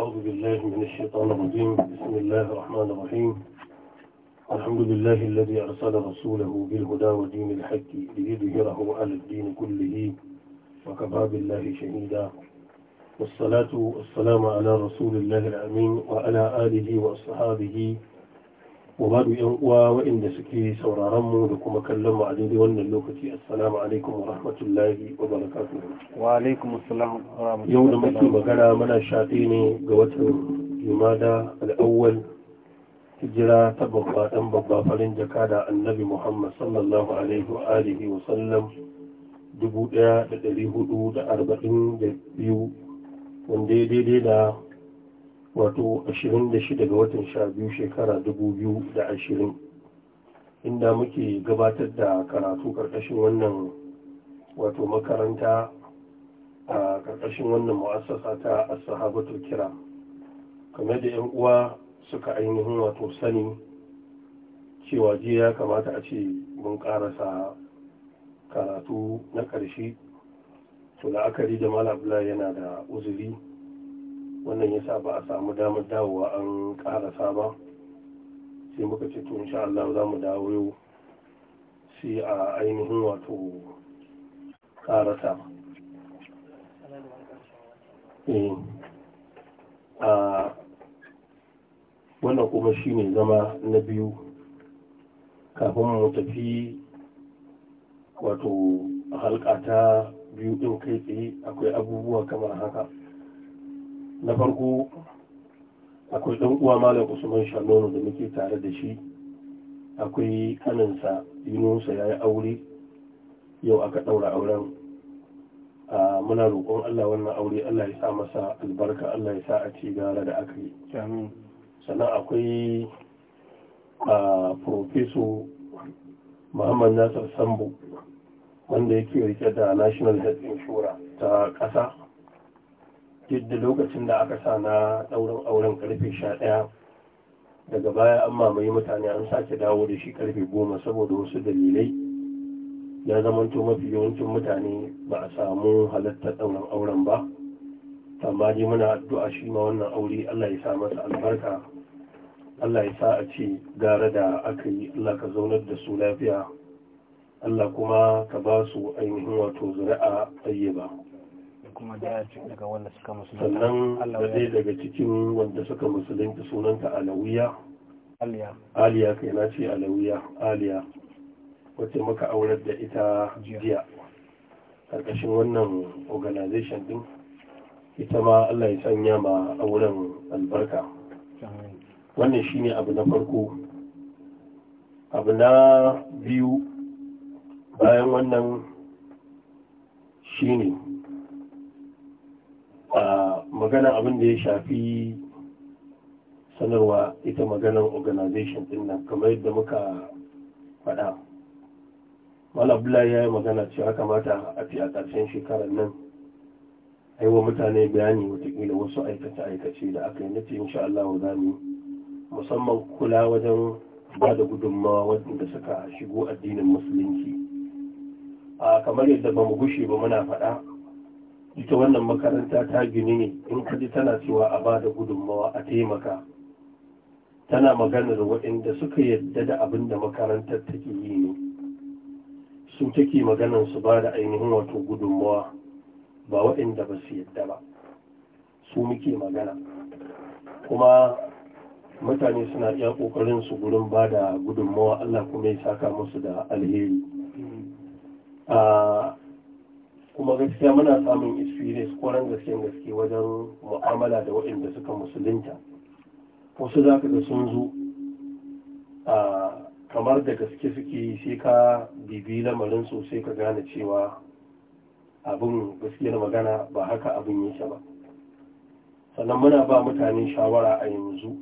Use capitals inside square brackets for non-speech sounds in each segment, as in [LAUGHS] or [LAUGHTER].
أعوذ بالله من الشيطان الرجيم بسم الله الرحمن الرحيم الحمد لله الذي أرسل رسوله بالهدى ودين الحق ليظهره على الدين كله وكفى بالله شهيدا والصلاة والسلام على رسول الله الأمين وعلى آله وأصحابه wa ba yan uwa waɗanda suke sauraronmu da kuma kallon mu a daidai wannan lokaci assalamu alaikum wa rahmatullahi wa barakatuh wa alaikum assalam wa yau da muke magana muna shafi ne ga watan jumada al'awwal hijira ta babba dan babba farin jaka da annabi muhammad sallallahu alaihi wa sallam dubu ɗari hudu da arba'in da biyu wanda ya daidai da wato 26 ga watan sha biyu shekara 2020 inda muke gabatar da karatu karkashin wannan wato makaranta a karkashin wannan mu'assasa ta asahabatul kira kamar da yan uwa suka ainihin wato sani cewa jiya ya kamata a ce mun karasa karatu na ƙarshe to la'akari da malabla yana da uzuri wannan ya sa ba a samu damar dawowa an karasa ba sai muka ce to insha Allah za mu dawo yau sai a ainihin wato karasa eh, a wannan kuma shi ne zama na biyu kafin mu tafi wato halka ta biyu ɗin kai tsaye akwai abubuwa kamar haka na farko akwai ɗan uwa malam usman shanono da muke tare da shi akwai kaninsa yunusa ya yi aure yau aka ɗaura auren a muna roƙon allah wannan aure allah ya sa masa albarka allah ya sa a ci gara da aka yi sannan akwai a profeso muhammad nasar sambo wanda yake rike da national health insurance ta ƙasa yadda lokacin da aka sa na ɗaurin auren karfe sha ɗaya daga baya an mamaye mutane an sake dawo da shi karfe goma saboda wasu dalilai ya zamanto mafi yawancin mutane ba a samu halartar ɗaurin auren ba amma dai muna addu'a shi ma wannan aure Allah ya sa masa albarka Allah ya sa a ce gara da aka yi Allah ka zaunar da su lafiya Allah kuma ka ba su ainihin wato zuri'a ɗayye ba kuma dace daga wanda suka musulunta sannan daga cikin wanda suka musulunta sunanta alawiya aliya kai na ce alawiya aliya wacce maka aurar da ita jiya karkashin wannan organization din ita ma Allah ya sanya ma auren albarka wannan shine abu na farko abu na biyu bayan wannan shine magana abin da ya shafi sanarwa ita maganar organization din nan kamar yadda muka faɗa malabula ya yi magana cewa kamata a fi a ƙarshen shekarar nan aiwa mutane bayani watakila wasu aikace-aikace da aka yi na ce insha Allah za mu musamman kula wajen ba da gudunmawa wadanda suka shigo addinin musulunci a kamar yadda ba mu gushe ba muna faɗa ita wannan makaranta ta gini ne in kaji tana cewa a ba da gudunmawa a taimaka tana maganar waɗanda suka yadda da abin da makarantar take yi ne su take maganar su ba da ainihin wato gudunmawa ba waɗanda ba su yadda ba su muke magana kuma mutane suna iya ƙoƙarin su gurin ba da gudunmawa Allah kuma ya saka musu da alheri ah, kuma gaskiya muna samun experience koran gaskiyan gaske wajen mu'amala da waɗanda suka musulunta wasu za ka da sun zo a kamar da gaske suke sai ka bibi lamarin sosai ka gane cewa abin gaskiyar magana ba haka abin yake ba sannan muna ba mutane shawara a yanzu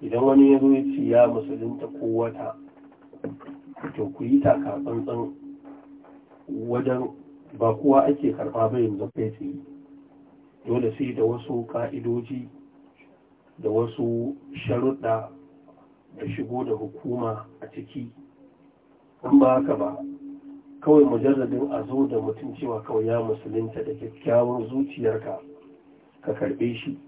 idan wani ya zo ya ce ya musulunta ko wata to ku yi taka tsantsan wajen ba kowa ake karɓa ba yanzu kai tsaye dole sai da wasu ƙa'idoji da wasu sharuɗa da shigo da hukuma a ciki In ba haka ba kawai mujarradin a zo da mutum cewa kawai ya musulunta da kyakkyawar zuciyarka ka karɓe shi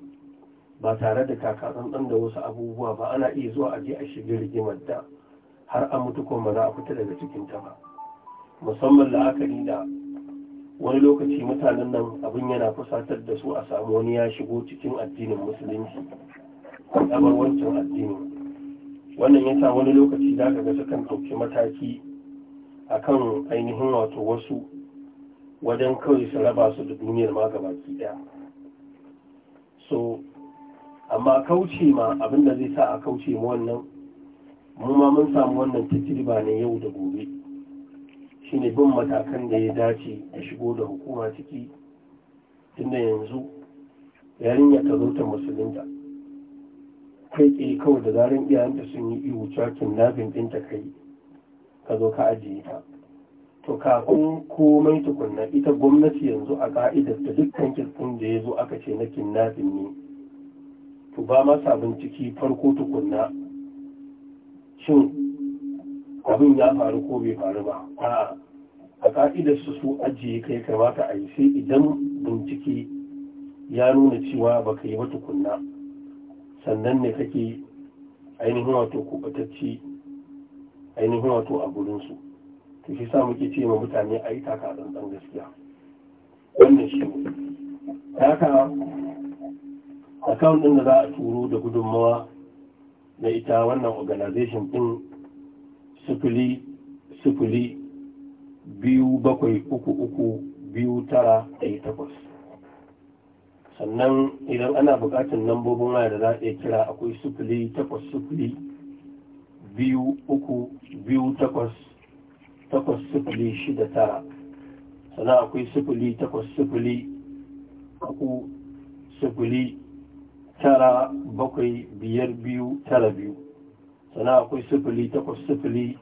ba tare da ɗan da wasu abubuwa ba ana iya zuwa aje a shiga rigimar da har an mutu kuma ba za a fita daga cikin ta ba musamman la'akari da wani lokaci mutanen nan abin yana fusatar da su a samu wani ya shigo cikin addinin musulunci a wancan addini wannan ya sa wani lokaci za ka ga sukan ɗauki mataki a kan ainihin wato wasu wajen kawai su raba su da duniyar ma baki ɗaya so amma kauce ma abin da zai sa a kauce ma wannan mu ma mun samu wannan tajriba ne yau da gobe shine bin matakan da ya dace a shigo da hukuma ciki tunda yanzu yarinya ta zo ta musulunta kai ke kawai da zarin iyayenta sun yi iwu cakin nabin ɗinta kai ka zo ka ajiye ta to kafin komai tukunna ita gwamnati yanzu a ka'idar da dukkan kirkin da ya zo aka ce na kinnafin ne to ba masa binciki farko tukunna shin abin ya faru ko bai faru ba a a ka'idar su su ajiye kai kamata a yi sai idan bincike ya nuna cewa ba ka yi ba tukunna sannan ne kake ainihin wato kubatacci ainihin wato a gurinsu ta fi sa muke ce ma mutane a yi taka tsantsan gaskiya wannan shi ne haka akawun ɗin da za a turo da gudunmawa na ita wannan organization ɗin sifili sifili biyu bakwai uku uku biyu tara ɗaya takwas sannan idan ana buƙatar lambobin waya da za a kira akwai sifili takwas sifili biyu uku biyu takwas takwas sifili shida tara sannan akwai sifili takwas sifili uku sifili tara bakwai biyar biyu tara biyu sana akwai sifili takwas sifili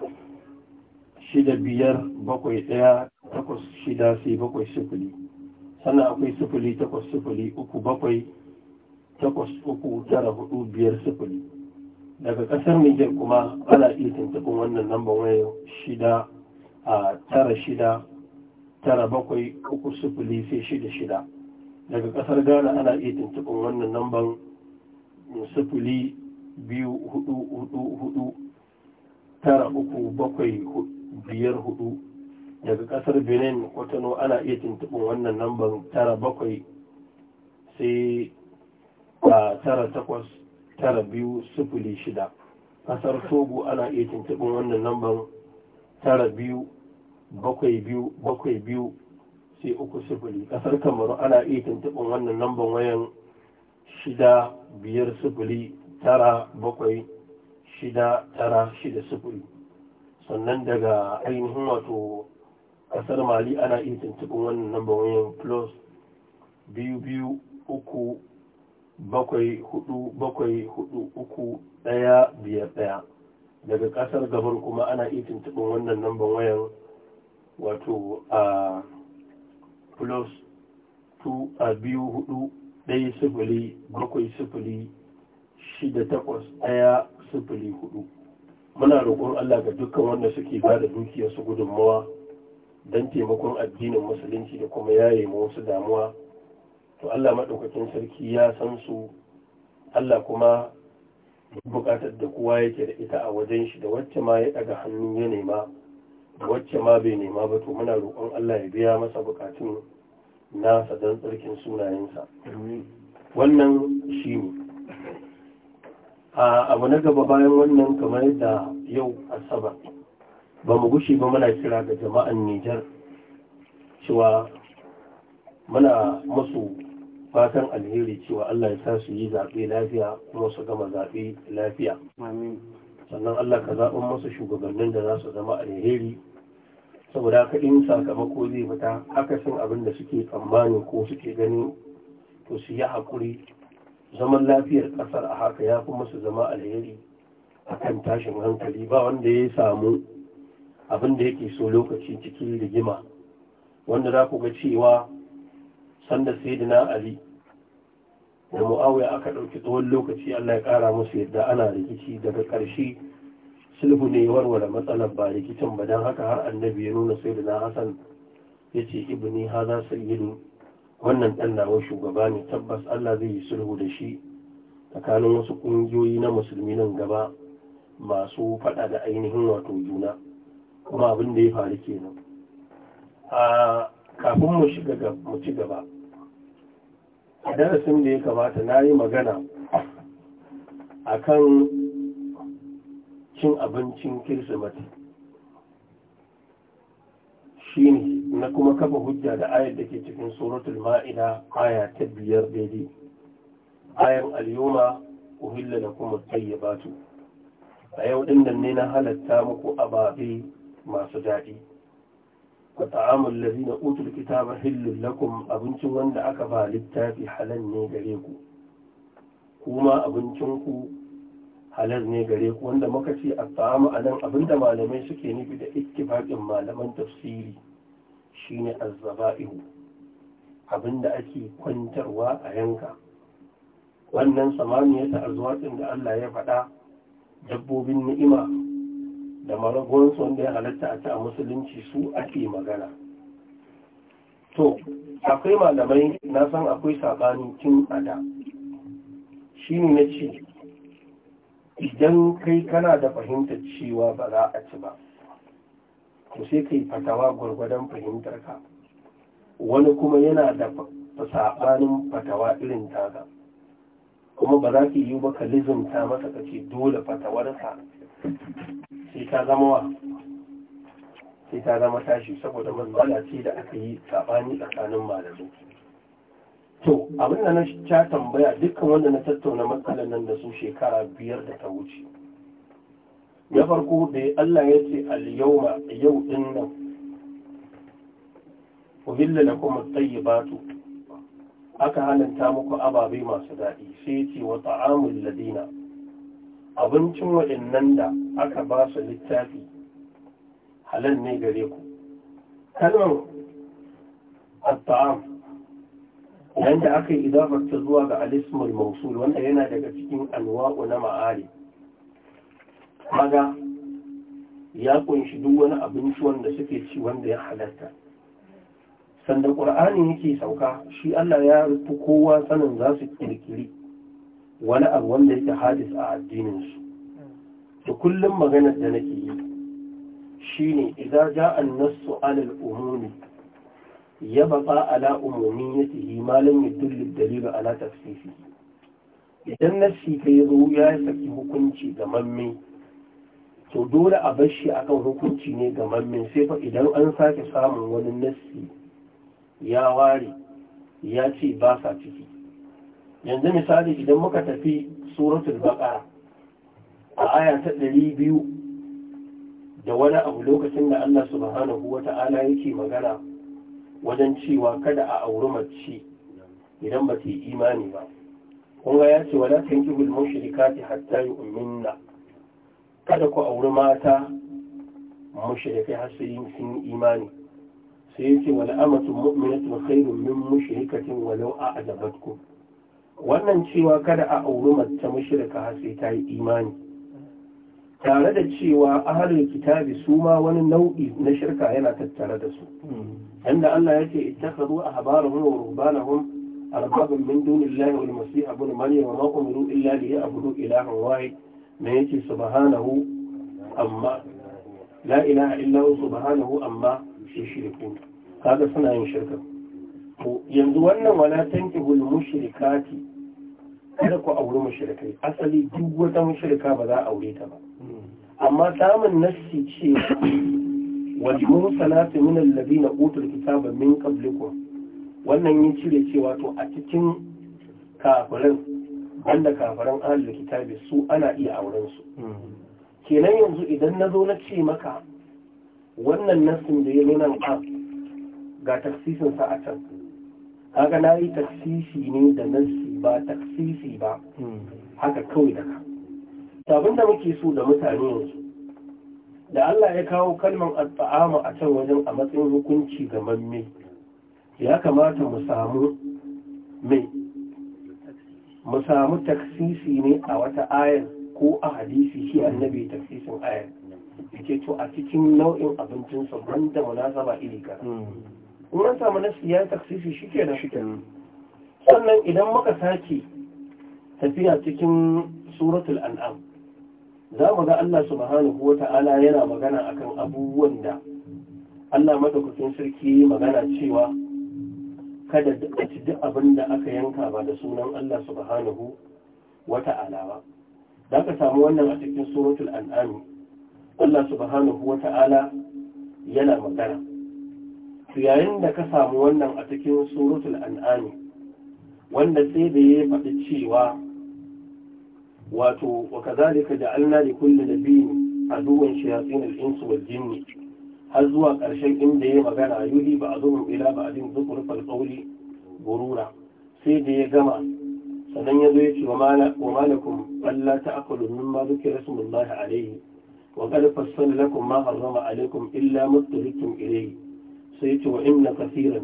shida biyar bakwai ɗaya takwas shida sai bakwai sifili sana akwai sifili takwas sifili uku bakwai takwas uku tara hudu biyar sifili daga ƙasar niger kuma ana iya tuntuɓin wannan namba waya shida a tara shida tara bakwai uku sifili sai shida shida daga ƙasar Ghana ana iya tuntuɓin wannan namban sifili biyu hudu hudu hudu tara uku bakwai biyar hudu daga kasar benin kwatano ana iya tuntuɓin wannan lambar tara bakwai sai a tara takwas tara biyu sufuli shida kasar togo ana iya tuntuɓin wannan lambar tara biyu bakwai biyu bakwai biyu sai uku sufuli kasar kamaru ana iya tuntuɓin wannan lambar wayan shida biyar sufuli tara bakwai shida tara shida sufuri sannan daga ainihin wato kasar mali ana iya tuntuɓin wannan namba wayan plus biyu biyu uku bakwai hudu bakwai hudu uku daya biyar daya daga kasar gabar kuma ana iya tuntuɓin wannan namba wayan wato a plus biyu hudu daya sifili bakwai sifili shida takwas ɗaya sifili hudu muna roƙon Allah ga dukkan wanda suke ba da su gudunmawa don taimakon addinin musulunci da kuma yaye ma wasu damuwa to Allah maɗaukakin sarki ya san su Allah kuma buƙatar da kowa yake da ita a wajen shi da wacce ma ya ɗaga hannu ya nema da wacce ma bai nema ba to muna roƙon Allah ya biya masa buƙatun nasa don tsarkin sunayensa wannan shi ne abu na gaba bayan wannan kamar da yau asabar ba mu gushe ba muna kira ga jama'an nijar cewa muna masu fatan alheri cewa allah ya sa su yi zaɓe lafiya kuma su gama zaɓe lafiya sannan allah ka zaɓin masu shugabannin da za su zama alheri saboda haka in sakamako zai fita akasin abin da suke tsammani ko suke ganin to su yi haƙuri zaman lafiyar ƙasar a haka ya fi musu zama alheri a kan tashin hankali ba wanda ya samu abin da yake so lokaci cikin rigima wanda za ku ga cewa sanda na ali da mu'awiya aka ɗauki tsawon lokaci allah ya ƙara musu yadda ana rikici daga ƙarshe sulhu ne warware matsalar ba rikicin ba don haka har annabi ya nuna na hasan ya ce ibni haza sayyidu wannan ɗan nawa shugaba ne tabbas Allah zai yi sulhu da shi tsakanin wasu ƙungiyoyi na musulmi nan gaba masu faɗa da ainihin wato juna kuma abin da ya faru kenan a kafin mu shiga ga ci gaba a darasin da ya kamata na yi magana a kan cin abincin kirsimati shine na kuma kafa hujja da ayar da ke cikin suratul ma'ida aya ta biyar daidai ayar al-yawma uhilla lakum at-tayyibatu a yau din nan ne na halatta muku ababe masu daɗi wa ta'amul ladina utul kitaba hillul lakum abincin wanda aka ba littafi halal ne gare ku kuma abincin ku halal ne gare ku wanda muka ce a ta'amu anan abinda malamai suke nufi da ittifaqin malaman tafsiri shine abin da ake kwantarwa a yanka wannan ta azwatin da Allah ya faɗa dabbobin ni'ima da maragonsu wanda ya halatta a ta musulunci su ake magana to akwai malamai na san akwai saɓani tun ada. da shi ne na ce idan kai kana da fahimtar cewa ba za a ci ba to sai ka yi fatawa gwargwadon fahimtar ka wani kuma yana da sabanin fatawa irin taka kuma ba za ki yi ba ka ta masa ka ce dole fatawarsa sai ta zama wa sai ta zama tashi saboda matsala ce da aka yi sabani tsakanin malamai to abin da na sha tambaya dukkan wanda na tattauna matsalar nan da su shekara biyar da ta wuce na farko da Allah ya ce al-yawma yau din nan uhilla lakum at-tayyibatu aka halanta muku ababe masu daɗi sai ce wa ta'amul ladina abincin wadannan da aka ba su littafi halal ne gare ku kalmar at-ta'am yanda aka yi ta zuwa ga alismul mausul wanda yana daga cikin anwa'u na ma'arif kaga ya kunshi duk wani abinci wanda suke ci wanda ya halatta sanda ƙur'ani yake sauka shi Allah ya rufe kowa sanin za su kirkiri wani abu wanda yake hadis a addininsu da kullum maganar da nake yi shine idza ja an nasu alal umumi ya yabqa 'ala umumi ma lam yadullu ad-dalil 'ala tafsisihi idan nasi ka zo ya saki hukunci ga mamme to dole a bar shi akan hukunci ne ga mammin sai fa idan an sake samun wani nassi ya ware ya ce ba sa ciki yanzu misali idan muka tafi suratul baqara a aya ta ɗari biyu da wani abu lokacin da Allah subhanahu wa ta'ala yake magana wajen cewa kada a auri mace idan ba ta yi imani ba kun ga ya ce wala tankihul mushrikati hatta yu'minna kada ku auri mata mushrike har sai sun imani sai yace wal amatu mu'minatu khairun min mushrikatin walau a'jabatkum wannan cewa kada a auri mace mushrika har sai ta yi imani tare da cewa ahlul kitabi su ma wani nau'i na shirka yana tattare da su inda Allah yake ittakhadhu ahbarahum wa rubbanahum arbabun min dunillahi wal masih ibn maryam wa ma umiru illa liya'budu ilahan wahid me yake subhanahu amma la ilaha illa hu subhanahu amma shirku kaga suna yin shirka to yanzu wannan wala tankihul mushrikati kada ku auri mushrikai asali duk wata mushrika ba za a aure ta ba amma samun nassi cewa والمرسلات min الذين utul kitaba min qablikum wannan ya cire cewa to a cikin kafirin wanda kafaran ahlul kitabi su ana iya auren su kenan yanzu idan na zo na ce maka wannan nasin da ya nuna a ga taksisin sa a can kaga na yi taksisi ne da nassi ba taksisi ba haka kawai daga abin da muke so da mutane yanzu da Allah ya kawo kalman alfa'ama a can wajen a matsayin hukunci ga mamme ya kamata mu samu mai mu samu taksisi ne a wata ayar ko a hadisi shi annabi taksisin ayar yake to a cikin nau'in abincin sa da munasaba iri kaza Kuma an samu nasi ya taksisi shi ke da sannan idan muka sake tafiya cikin suratul an'am za mu ga Allah subhanahu wa ta'ala yana magana akan abubuwan da Allah madaukakin sarki magana cewa kada duk a ci duk abin da aka yanka ba da sunan Allah subhanahu wa ta'ala ba da aka samu wannan a cikin suratul an'am Allah subhanahu wa ta'ala yana magana to yayin da ka samu wannan a cikin suratul an'am wanda sai da ya faɗi cewa wato wa kazalika ja'alna li kulli nabiyyin aduwwan shayatin al insu wal jinni أزوى كالشيء دي مغانا يهي بعضهم إلى بعضهم ذكر فالقول غرورا سيدي يا جماعة سنن يدويش وما, لكم ألا تأكلوا مما ذكر اسم الله عليه وقد فصل لكم ما حرم عليكم إلا ما اضطرتم إليه سيدي وإن كثيرا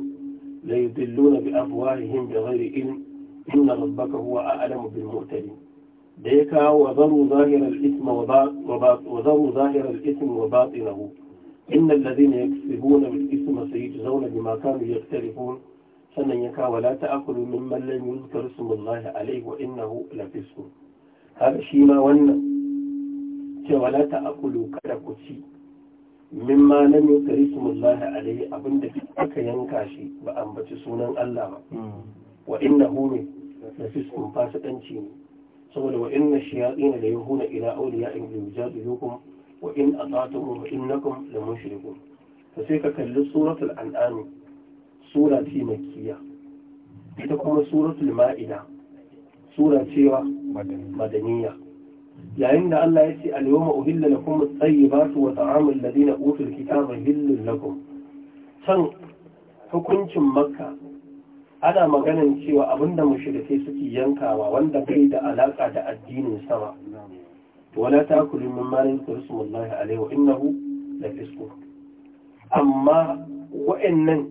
ليضلون بأفواههم بغير علم إن ربك هو أعلم بالمعتدين ديكا وذروا ظاهر الإثم وباطنه ظاهر الإثم وباطنه إن الذين يكسبون بالإثم سيجزون بما كانوا يختلفون sannan ya kawo la ta'akulu min man lam yuzkar smullahi alayhi wa innahu la fisq haka shi ma wannan cewa la ta'akulu kada ku ci mimma lam yuzkar smullahi alayhi abinda aka yanka shi ba ambaci sunan Allah ba wa innahu ne la fisq fasikanci ne saboda wa inna idan la yuhuna ila wa in atatuhu wa innakum la mushrikun to sai ka kalli suratul an'am sura ce makkiya ita kuma suratul ma'ida sura cewa madaniya yayin da Allah ya ce al-yawma uhilla lakum at-tayyibatu wa ta'amul ladina utul kitaba hillul lakum can hukuncin makka ana maganin cewa abinda mushrikai suke yankawa wanda bai da alaƙa da addinin sama ولا تأكلوا مما لم ترسم الله عليه وإنه لفسق أما وإن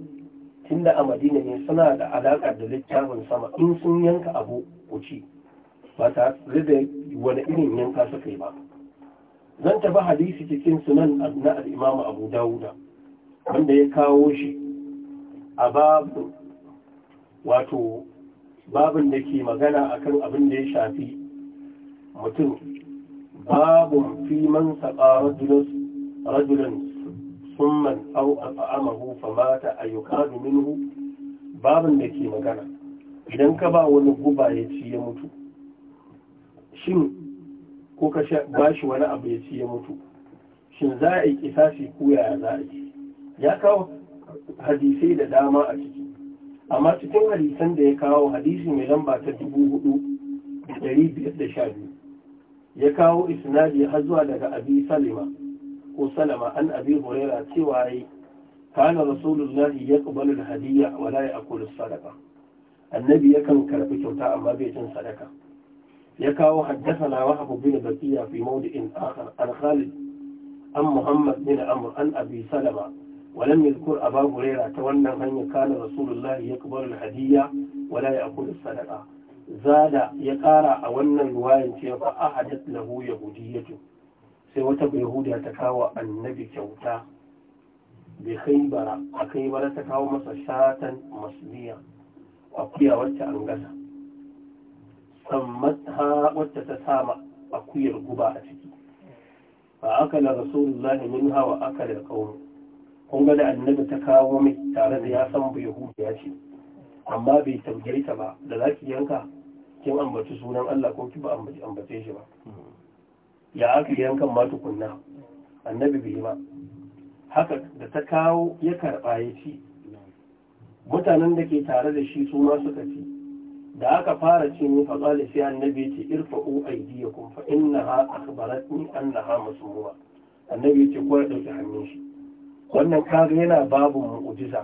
تند أمدين يسنا علاقة دلتا ونسما إن سن ينك أبو وشي فتا لدي ونئن ينكا ba. zan tafi hadisi cikin nan na al'imam abu dawuda wanda ya kawo shi a babu babin da ke magana akan abin da ya shafi mutum babu fi man saƙa rajulan summan au at'amahu fa mata ayyukadu minhu da ke magana idan ka ba wani guba ya ci ya mutu shin ko ka ba shi wani abu ya ci ya mutu shin za a yi kisasi ko yaya za a yi ya kawo hadisai da dama a ciki amma cikin hadisan da ya kawo hadisi mai lamba ta dubu hudu da dari biyar da sha biyu ya kawo isnadi har zuwa daga abi salima ko salama an abi huraira cewa yi kana rasulullahi ya da hadiyya wa la ya'kulu sadaqa annabi yakan karbi kyauta amma bai cin sadaka ya kawo haddathana wahab bin baqiya fi mawdi'in akhar an khalid an muhammad bin amr an abi salama ولم يذكر أبا هريرة تولى أن كان رسول الله يقبل الهدية ولا يأكل الصدقة zada ya ƙara a wannan ruwayan cewa fa ahadat lahu yahudiyatu sai wata yahudiya ta kawo annabi kyauta bai kai bara a kai bara ta kawo masa shatan masliya akuya wacce an gasa sammata wacce ta sama akuyar guba a ciki fa akala rasulullahi min hawa akala qaum kun ga da annabi ta kawo mai tare da ya san bai yahudiya ce amma bai tambaye ta ba da zaki yanka kin ambaci sunan Allah ko kin ba ambaci ambace shi ba ya aka yankan ma tukunna annabi bai ba. haka da ta kawo ya karba ya ci mutanen da ke tare da shi su ma suka ci da aka fara ci ni fa qala sai annabi ce u aydiyakum fa innaha akhbaratni annaha masmuma annabi ce ko ya dauki hannun shi wannan kaga yana babu mu'jiza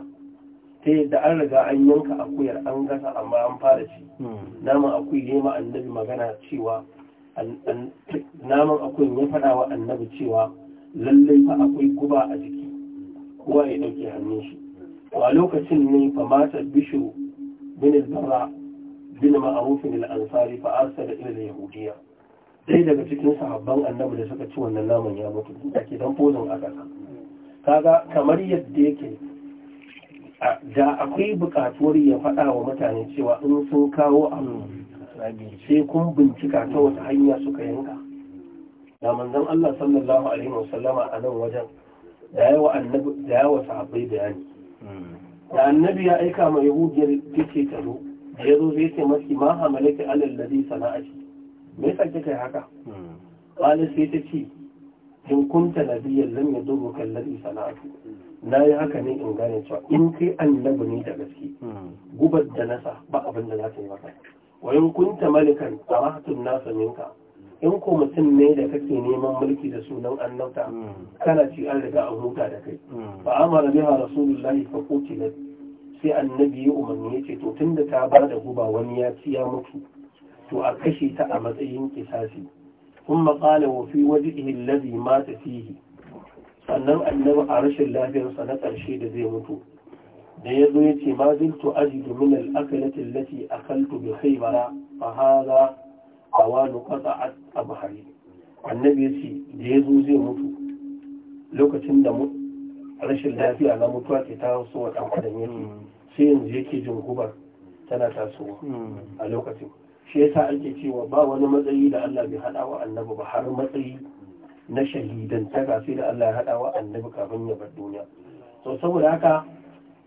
ta da an riga an yanka akuyar an gasa amma an fara ci hmm. naman akuyi ne ma annabi magana cewa naman akuyin ya faɗa wa annabi cewa lallai fa akwai guba a jiki kowa ya ɗauke hannun shi a lokacin ne fa mata bishu bin al-bara bin ma'arufin al-ansari fa arsala ila al-yahudiyya dai daga cikin sahabban annabi da suka ci wannan naman ya mutu da dan fozon aka kaga kamar yadda yake da akwai buƙatuwar ya faɗa wa mutane cewa in sun kawo abu sai kun bincika ta wata hanya suka yanka da manzon Allah sallallahu alaihi wasallama a nan wajen da yawa annabi da yawa sahabbai bayani da annabi ya aika ma yahudiyar take ta zo da ya zo zai ce masa ma hamalaka alal ladhi sana'ati me yasa kika haka qala sai ta ce in kunta nabiyyan lam yadurruka alladhi sana'ati na yi haka ne in gane cewa in kai annabi ne da gaske hmm. gubar da nasa ba abin da za ta yi maka wayan kunta malikan tsaratun nasa minka in ko mutum ne da kake neman mulki da sunan annabta hmm. kana ci an riga an huta da kai hmm. fa amara biha rasulullahi fa qutilat sai annabi ya umarni ya ce to tunda ta ba da guba wani ya ci ya mutu to a kashe ta a matsayin kisasi kuma qala wa fi wajhihi alladhi mata fihi sannan annabi a rashin lafiyarsa na ƙarshe da zai mutu da ya zo ya ce ma zintu ajidu min al-akalati allati akaltu bi haza fa hadha awanu qata'at abhari annabi ya ce da ya zo zai mutu lokacin da rashin lafiya na mutuwa ke ta so wa ɗan adam yake hmm. sai yanzu yake jin gubar tana tasowa hmm. a lokacin shi yasa ake cewa ba wani matsayi da Allah bai haɗa wa annabi ba har matsayi na shahidantaka sai da Allah ya haɗa wa annabi kafin ya bar duniya so saboda haka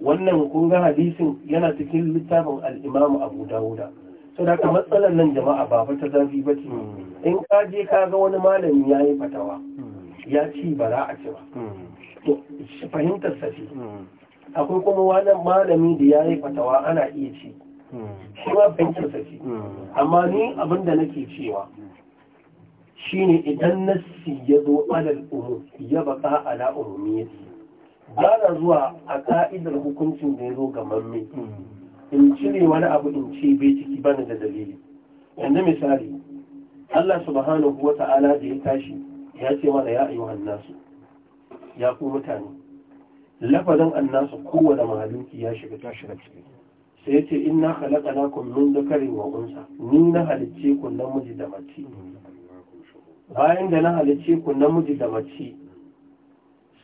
wannan kun ga hadisin yana cikin littafin al-Imam Abu Dawuda so da haka matsalar nan jama'a ba fa ta zafi ba ce hmm. in ka je ka ga wani malami ya yi fatawa hmm. ya ci ba a ci ba hmm. to fahimtar sa ce akwai kuma wani malami da ya yi fatawa ana iya ci shi ma fahimtar sa ce amma ni abin da nake cewa shine idan nassi ya zo alal umum ya baka ala umumiyyati ba na zuwa a ka'idar hukuncin da ya zo ga mamme in cire wani abu in ce bai ciki bana da dalili yanzu misali Allah subhanahu wa ta'ala da ya tashi ya ce mana ya ayyuhan nasu ya ku mutane lafazin annasu kowane mahaluki ya shiga ta shiga ciki sai ya ce inna khalaqnakum min zakarin wa unsa ni na halicce ku namiji da mace bayan da na halice ku namiji da mace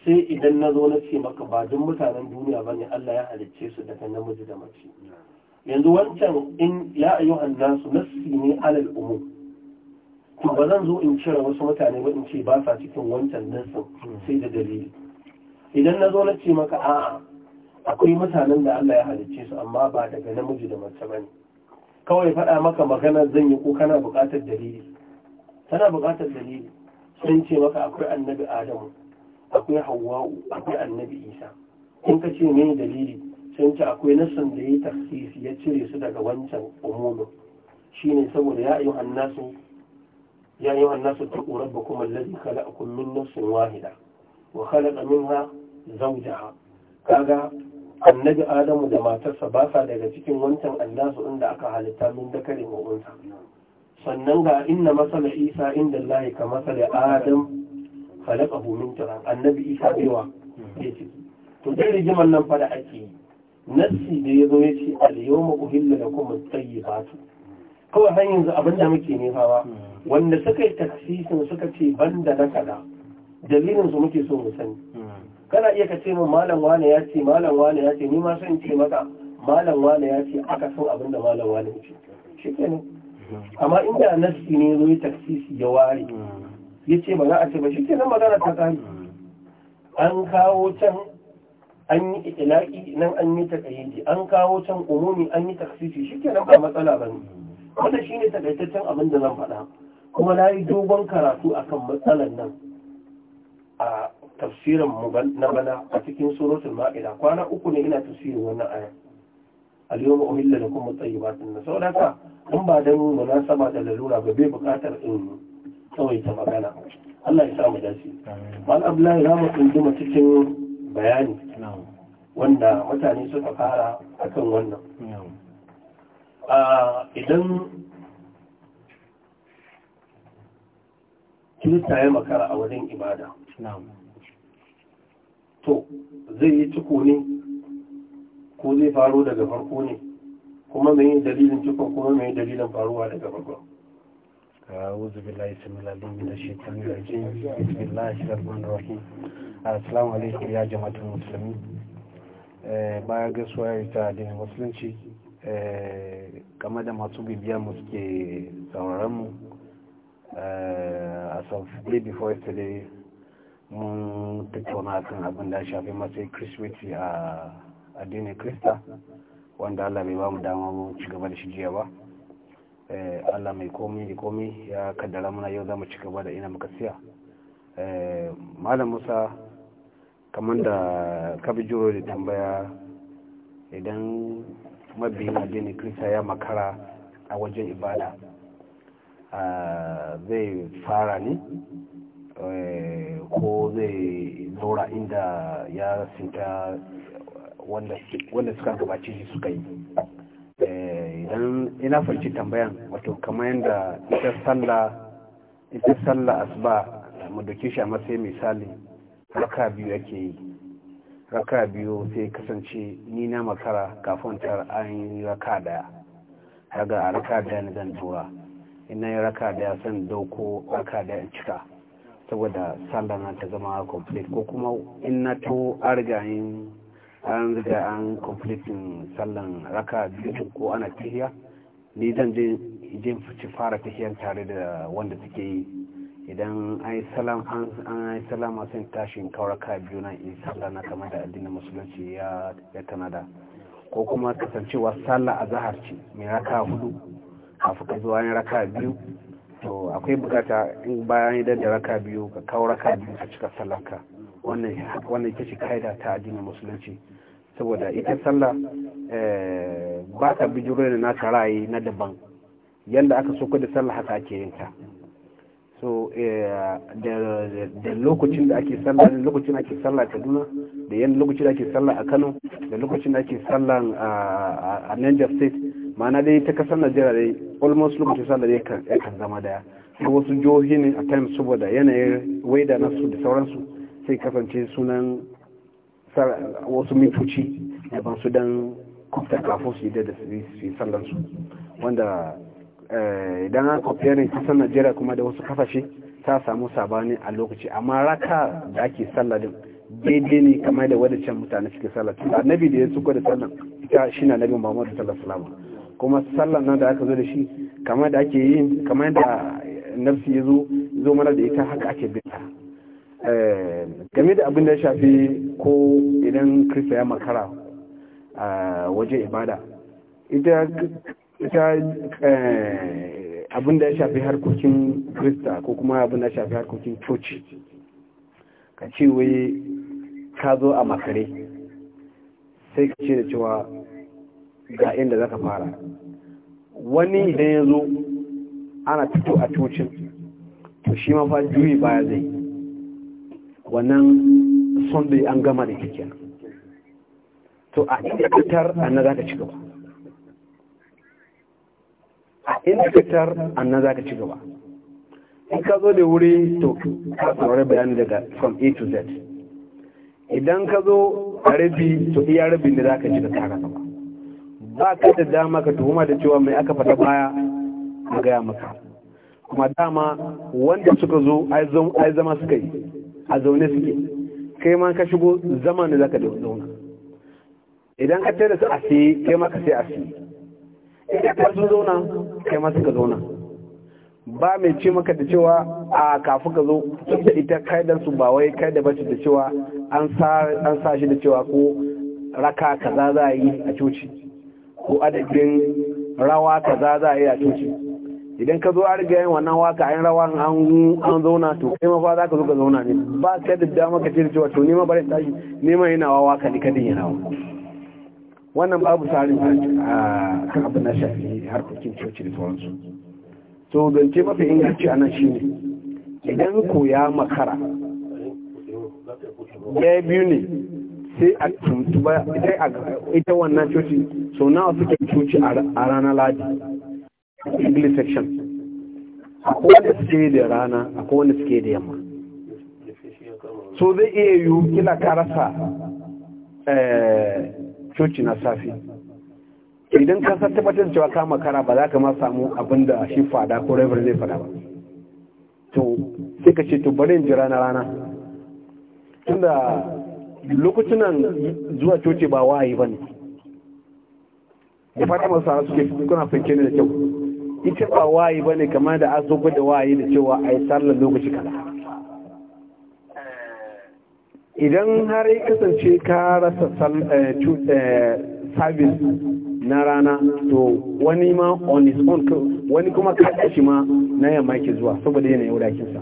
sai idan na zo na ce maka ba duk mutanen duniya ba ne Allah ya halicce su daga namiji da mace yanzu wancan in ya ayyuhan nasu nassi ne alal umu. to ba zan zo in cire wasu mutane ba in ce ba sa cikin wancan nassin sai da dalili idan na zo na ce maka a'a akwai mutanen da Allah ya halicce su amma ba daga namiji da mace ba ne kawai faɗa maka magana zan yi ko kana buƙatar dalili tana buƙatar dalili sun ce maka akwai annabi adamu akwai hawa'u akwai annabi isa in ka ce ne dalili sun ce akwai nassan da ya yi tafsisi ya cire su daga wancan shi ne saboda ya yi annasu ya yi annasu ta ƙorar ba kuma lalli kala a kullum nassin wahida wa zau minha ha kaga annabi adamu da matarsa ba sa daga cikin wancan annasu inda aka halitta min dakarin wa sannan ga inna masala isa inda Allah ka masala adam halaka min turab annabi isa baiwa ya ce to dai rigiman nan fada ake nassi da ya zo ya ce al-yawma uhilla lakum at-tayyibatu kawai har yanzu abin da muke nefawa wanda suka yi taksisin suka ce banda na kada dalilin su muke so mu sani kana iya ka ce min malam wane ya ce malam wane ya ce ni ma san ce maka malam wane ya ce aka san abin da malam wane ya ce shi kenan amma inda nasi ne zo ya taksisi ya ware ya ce ba za a ce ba shi ke nan magana ta tsari an kawo can an yi itilaki nan an yi takayyadi an kawo can umumi an yi taksisi shi ke nan ba matsala ba ne wanda shi ne takaitaccen abin da zan faɗa kuma na yi dogon karatu a kan matsalar nan a tafsirin na bana a cikin surutun ma'ida kwana uku ne ina tafsirin wannan aya al-yawma uhilla lakum at-tayyibatun saboda haka in ba dan munasaba da lalura ba bai bukatar in tsawaita magana Allah ya sa mu dace mal abdullahi ya mu tsunduma cikin bayani wanda mutane suka fara akan wannan idan kirista ya makara a wajen ibada to zai yi ciko ne ko zai faro daga farko ne kuma mai dalilin cikon kuma mai dalilin faruwa daga farko أعوذ بالله من الشيطان الرجيم بسم الله الرحمن الرحيم السلام عليكم يا جماعة المسلمين musulunci eh, game da masu bibiya mu suke sauraron mu eh, a of day before yesterday mun tattauna kan abin da shafi matsayi christmas a addinin krista wanda allah bai ba mu dama mu ci gaba da shi jiya ba eh, allah mai komi da komi ya kaddara muna yau za mu ci gaba da ina muka siya eh, malam musa kamar da kabijiro da tambaya idan mabiyin addinin krista ya makara a wajen ibada zai fara ne eh, ko zai zaura inda ya sinta wanda suka gabace shi suka yi eh, idan ina farci tambayan wato kamar yadda ita sallah ita sallah asuba mu doke shi a matsayin misali raka biyu yake yi raka biyu sai kasance ni na makara kafin tar an yi raka daya daga a raka daya na zan tura ina yi raka daya san dauko raka daya in cika saboda sallah na ta zama complete ko kuma in na to argayin an riga an completing sallan raka biyu ko ana tihiya ni zan je jin fice fara tahiyan tare da wanda take yi idan an yi salam an yi salama sun tashin raka biyu na in sallah na kamar da addinin musulunci ya tanada ko kuma kasancewa sallah a zahar ce mai raka hudu kafin ka zuwa yin raka biyu to akwai bukata in bayan idan da raka biyu ka kawo raka biyu ka cika sallarka wannan ita ce kaida ta addinin musulunci saboda ita sallah eh, ba ta bijiro da naka ra'ayi na daban yadda aka so da sallah haka ake yin ta so eh, da lokacin da ake sallah da lokacin ake sallah a kaduna da yadda lokacin da ake sallah a kano da lokacin da ake sallah a niger state ma'ana dai ta kasar najeriya dai almost lokacin sallah dai kan zama daya ta wasu jihohi ne a times saboda yanayin waida na su da sauransu sai kasance sunan wasu mintoci da ban su don kwafta kafin su yi da su yi sallansu wanda eh, idan an comparing kasar najeriya kuma da wasu kasashe ta samu sabani a lokaci amma raka da ake sallah din daidai ne kamar da wadancan mutane suke sallah annabi da ya suko da sallah ita shi na nabi muhammadu sallar salama kuma sallan nan da aka zo da shi kamar da ake yin kamar da nafsi ya zo zo mana da ita haka ake bin Eh, game da abin da ya shafi ko idan kirista ya makara a eh, waje ibada ita eh, abin da ya shafi harkokin kirista ko kuma abin da ya shafi harkokin coci ka ce wai ka zo a makare sai ka ce da cewa ga inda za ka fara wani idan ya zo ana fito a cocin to shi mafa juyi baya zai yi. wannan sunday an gama da ita kenan to a inda fitar annan za ka ci gaba a inda fitar annan za ka ci gaba in ka zo da wuri to ka saurari bayani daga from a to z idan ka zo a rabi to iya rabin da za ka ji da tara gaba ba ka da dama ka tuhuma da cewa mai aka fata baya a gaya maka kuma dama wanda suka zo ai zama suka yi a zaune suke kai ma ka shigo zama ne zaka zauna idan ka tare su a sai kai ma ka sai a sai idan ka sun zauna kai ma suka zauna ba mai ce maka da cewa a kafin ka zo da ita kaidan su ba wai kai da bace da cewa an sa shi da cewa ko raka kaza za a yi a coci ko adadin rawa kaza za a yi a coci idan ka zo a riga yin wannan waka an rawa an zauna to kai ma fa za ka zo ka zauna ne ba ka da dama ka ce cewa to nema bari tashi nema yana wa waka ne kadin yana wa wannan babu tsarin a abu na shafi harkokin coci da sauransu To zance mafi inganci a nan shi ne idan ko ya makara ya biyu ne sai a tuntuba ita wannan coci sau nawa suke coci a ranar ladi english section akwai wanda suke da rana akwai wanda suke da yamma so zai iya yiwu kila ka rasa eh, coci na safi idan ka san tabbatar cewa ka makara ba za ka ma samu abin da shi fada ko reverend zai fada ba to sai ka ce to bari in jira na rana tunda lokutunan zuwa coci ba wa wayi ba ne Ya fata masu suke kuna fanke ne da kyau ita ba wayi bane kamar da an zo da wayi da cewa a yi sallar lokaci kaza idan har ya kasance ka rasa sabis eh, eh, na rana to wani ma on his own wani kuma ka tashi ma na yamma ke zuwa saboda yanayin wadakinsa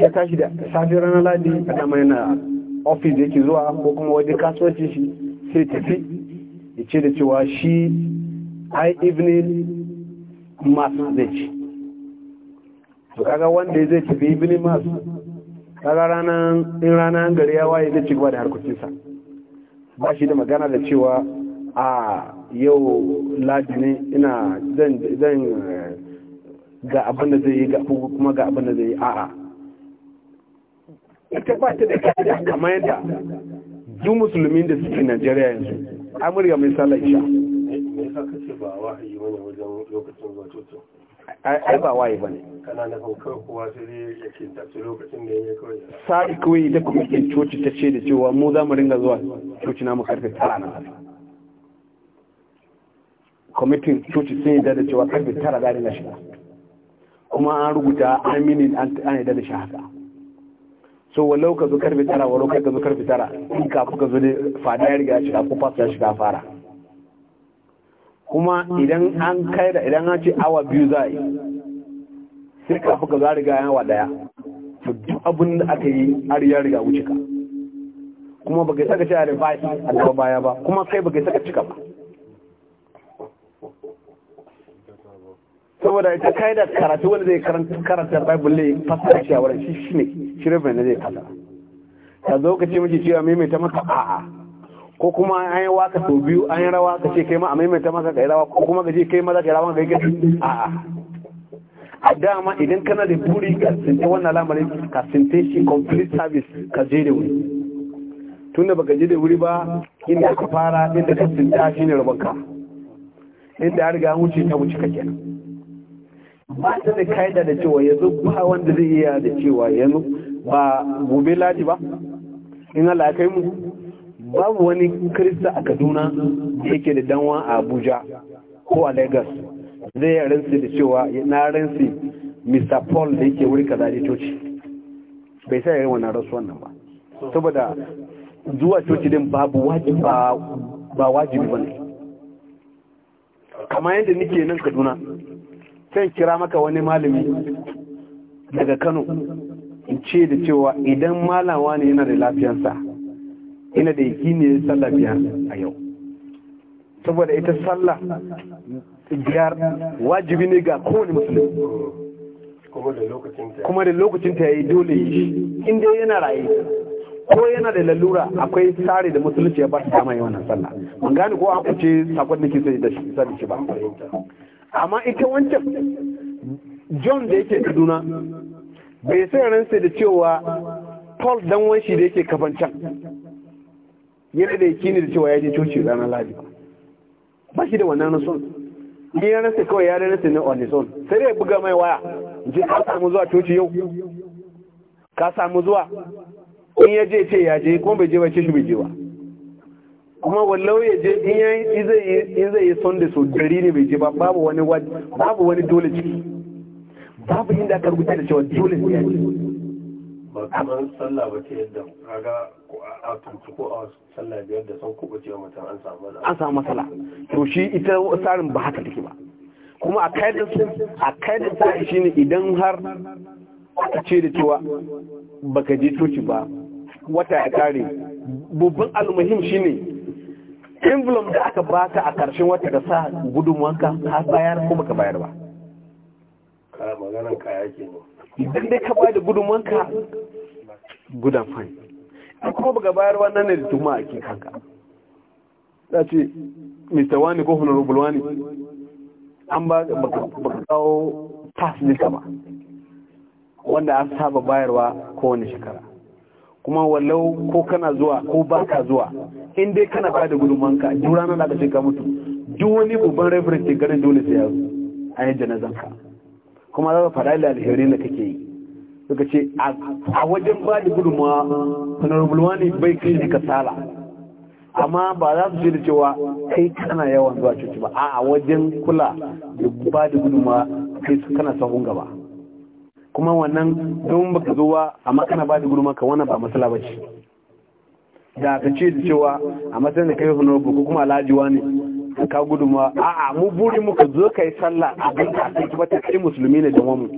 ya tashi da safi rana ladi a dama yana ofis da yake zuwa ko kuma wajen kasuwanci shi sai tafi ya ce da cewa shi high evening masu zai ci to kaga wanda zai ci bai bini masu kaga ranar in ranan gari ya waye zai ci gaba da harkokinsa ba shi da magana da cewa a yau ladi ne ina zan ga abin da zai yi ga kuma ga abin da zai yi a'a ita ba ta da kada kamar yadda duk musulmin da suke Najeriya yanzu amurka mai sallar isha me yasa ba wahayi sai ya da yake kawai da kuma ke coci ta ce da cewa mu za mu ringa zuwa coci na mu karfe tara na kwamitin coci sun yi da cewa karfe tara da na shiga kuma an rubuta an mini an yi da shi haka so walau ka karfe tara walau ka zo karfe tara in kafin ka zo da fada ya riga ya shiga ko fasa ya shiga fara kuma idan an kai da idan an ce awa biyu za yi sai ka fuka za riga yawa daya to duk abin da aka yi har ya riga wuce ka kuma baka saka ci a rifai a gaba baya ba kuma kai baka saka cika ba saboda ita kai da karatu wanda zai karanta bible ne fasa shi a wurin shi shine shirin rifai zai kalla ka zo ka ce mace cewa maimaita maka a'a ko kuma an yi waka sau biyu an yi rawa ka ce kai ma a maimaita maka yi rawa ko kuma ka ce kai ma ka yi rawa ka yi gasi a'a a dama idan kana da buri ka sinte wannan lamarin ka sinte shi complete service ka je da wuri tunda baka je da wuri ba inda ka fara inda ka sinta shi ne rubanka, inda ya riga wuce ta wuce ka kenan ba ta da kaida da cewa yanzu ba wanda zai iya da cewa yanzu ba gobe ladi ba in Allah ya kai mu babu wani kirista a kaduna da yake da danwa a abuja ko a lagos zai yi rinsi da cewa na rinsi mr paul da yake wuri kaza da coci bai sai yi wannan rasu wannan ba saboda zuwa coci din babu ba wajibi ba ne kama yadda nike nan kaduna sai kira maka wani malami daga kano in ce da cewa idan malawa ne yana da lafiyansa ina da yaki ne sallah biyar a yau saboda ita sallah biyar wajibi ne ga kowane musulmi kuma da lokacin ta yayi dole yi inda yana raye ko yana da lalura akwai tsari da musulunci ya ba su dama yi wannan sallah ban gane ko an kuce sakon da ke sai da shi ba amma ita wancan john da yake kaduna bai sai ransa da cewa paul dan wanshi da yake kafancan yana da yakini da cewa ya je coci ranar lahadi ba shi da wannan rason ni ya rasa kawai ya rana sinin on son sai dai buga mai waya in ce ka samu zuwa coci yau ka samu zuwa in ya je ce ya je kuma bai je ba ce shi bai je ba kuma wallau ya je in zai yi son da so gari ne bai je ba babu wani babu wani dole ciki babu inda aka rubuta da cewa dole ne ya je ba kuma sallah ba ce yadda kaga a 24 hours sallah biyar da sun cewa mutum an samu matsala an samu matsala to shi ita tsarin ba haka take ba kuma a kai da su a kai da shi shine idan har aka ce da cewa baka je coci ba wata ya kare babban almuhim shine envelop da aka baka a ƙarshen wata ka sa gudunmuwanka ka bayar kuma ka bayar ba. Ka maganan kaya ke Idan dai ka bada gudunmuwanka gudan fine. a kuma baka bayar wannan ne da tuma ake kanka za ce mr wani ko wani an ba ga kawo pass ne ba wanda an saba bayarwa kowane shekara kuma wallau ko kana zuwa ko ba ka zuwa in dai kana bada da gudunmanka duk ranar da ka mutu duk wani babban reference garin dole sai ya a yi janazanka kuma za ka faɗa da alherin da kake yi suka ce a wajen ba da gudunmawa honorable ne bai kai ne kasala amma ba za su ce da cewa kai kana yawan zuwa coci ba a wajen kula da ba da gudunmawa kai su kana sahun gaba kuma wannan don baka zo ba amma kana ba da gudunmawa ka wannan ba matsala ba ce da ka ce da cewa a matsayin da kai honorable ko kuma alhajiwa ne ka gudunmawa a'a mu buri muka zo ka yi sallah abin da a yi kuma ta kai musulmi ne da wamu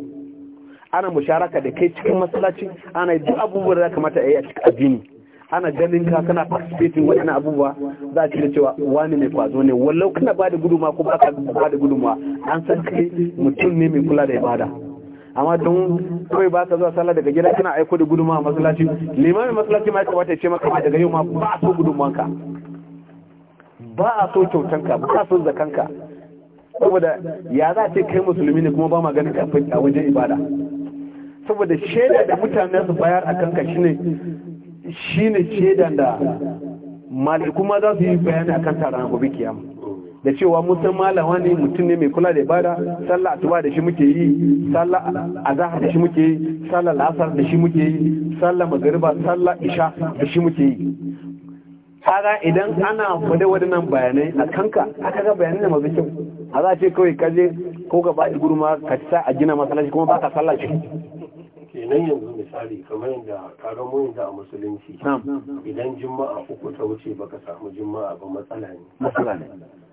ana musharaka da kai cikin masallaci ana duk abubuwan da kamata a yi a cikin addini ana ganin ka kana participating waɗannan abubuwa za a cire cewa wani mai kwazo ne wallau kana ba da guduma ko ba ka ba da guduma an san kai mutum ne mai kula da ibada amma don kawai ba ka zuwa sallah daga gida kana aiko da guduma a masallaci limamin masallaci ma ya kamata ya ce maka daga yau ma ba a so gudumanka ba a so kyautanka ba a so zakanka saboda ya za a ce kai musulmi ne kuma ba ma ganin kafin a wajen ibada saboda shaida da mutane su bayar a kanka shine shine shaida da maliku ma za su yi bayani akan taron gobe kiyama da cewa musan malama ne mutum ne mai kula da ibada sallah asuba da shi muke yi sallah azhar da shi muke yi sallah lasar da shi muke yi sallah magariba sallah isha da shi muke yi kaga idan ana fada waɗannan bayanai a kanka aka ga bayanai masu kyau a za a ce kawai kaje ko ka ba gurma ka sa a gina masallaci kuma ba ka sallaci kenan yanzu misali kamar yadda karon mu yanzu a musulunci idan juma'a uku ta wuce baka samu juma'a ba matsala ne matsala ne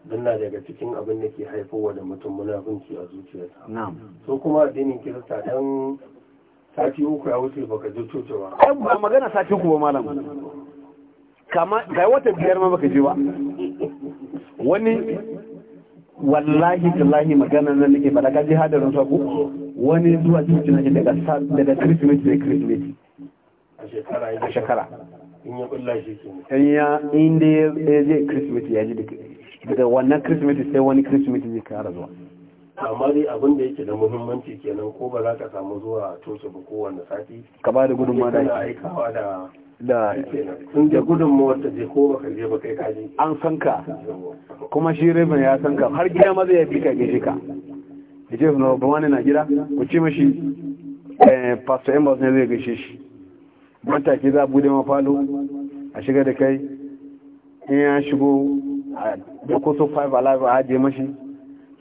don na daga cikin abin da ke haifowa da mutum munafunci a zuciyarsa so kuma addinin kirista dan sati uku ya wuce baka je cocewa ba magana sati uku ba malam kama ga wata biyar ma baka je ba wani wallahi tallahi magana nan nake ba da ka je hadarin sako wani zuwa cikin ake daga daga kirsimeti da kirsimeti a shekara in ya kulla ya je kirsimeti ya ji daga wannan kirsimeti sai wani kirsimeti zai kara zuwa amma dai abin da yake da muhimmanci kenan ko ba za ka samu zuwa coci ba kowane sati ka ba da gudunmawa da aikawa da da sun da gudunmawar ta je ko baka je ba kai kaji an san ka kuma shi rabin ya san ka har gida maza ya fi ka gaishe ka ya ce na babban wani na gida ku ce mashi eh, pastor embas ne zai gaishe shi ban take za a ma falo a shiga da kai in ya shigo a dokoso 5 alive a ajiye mashi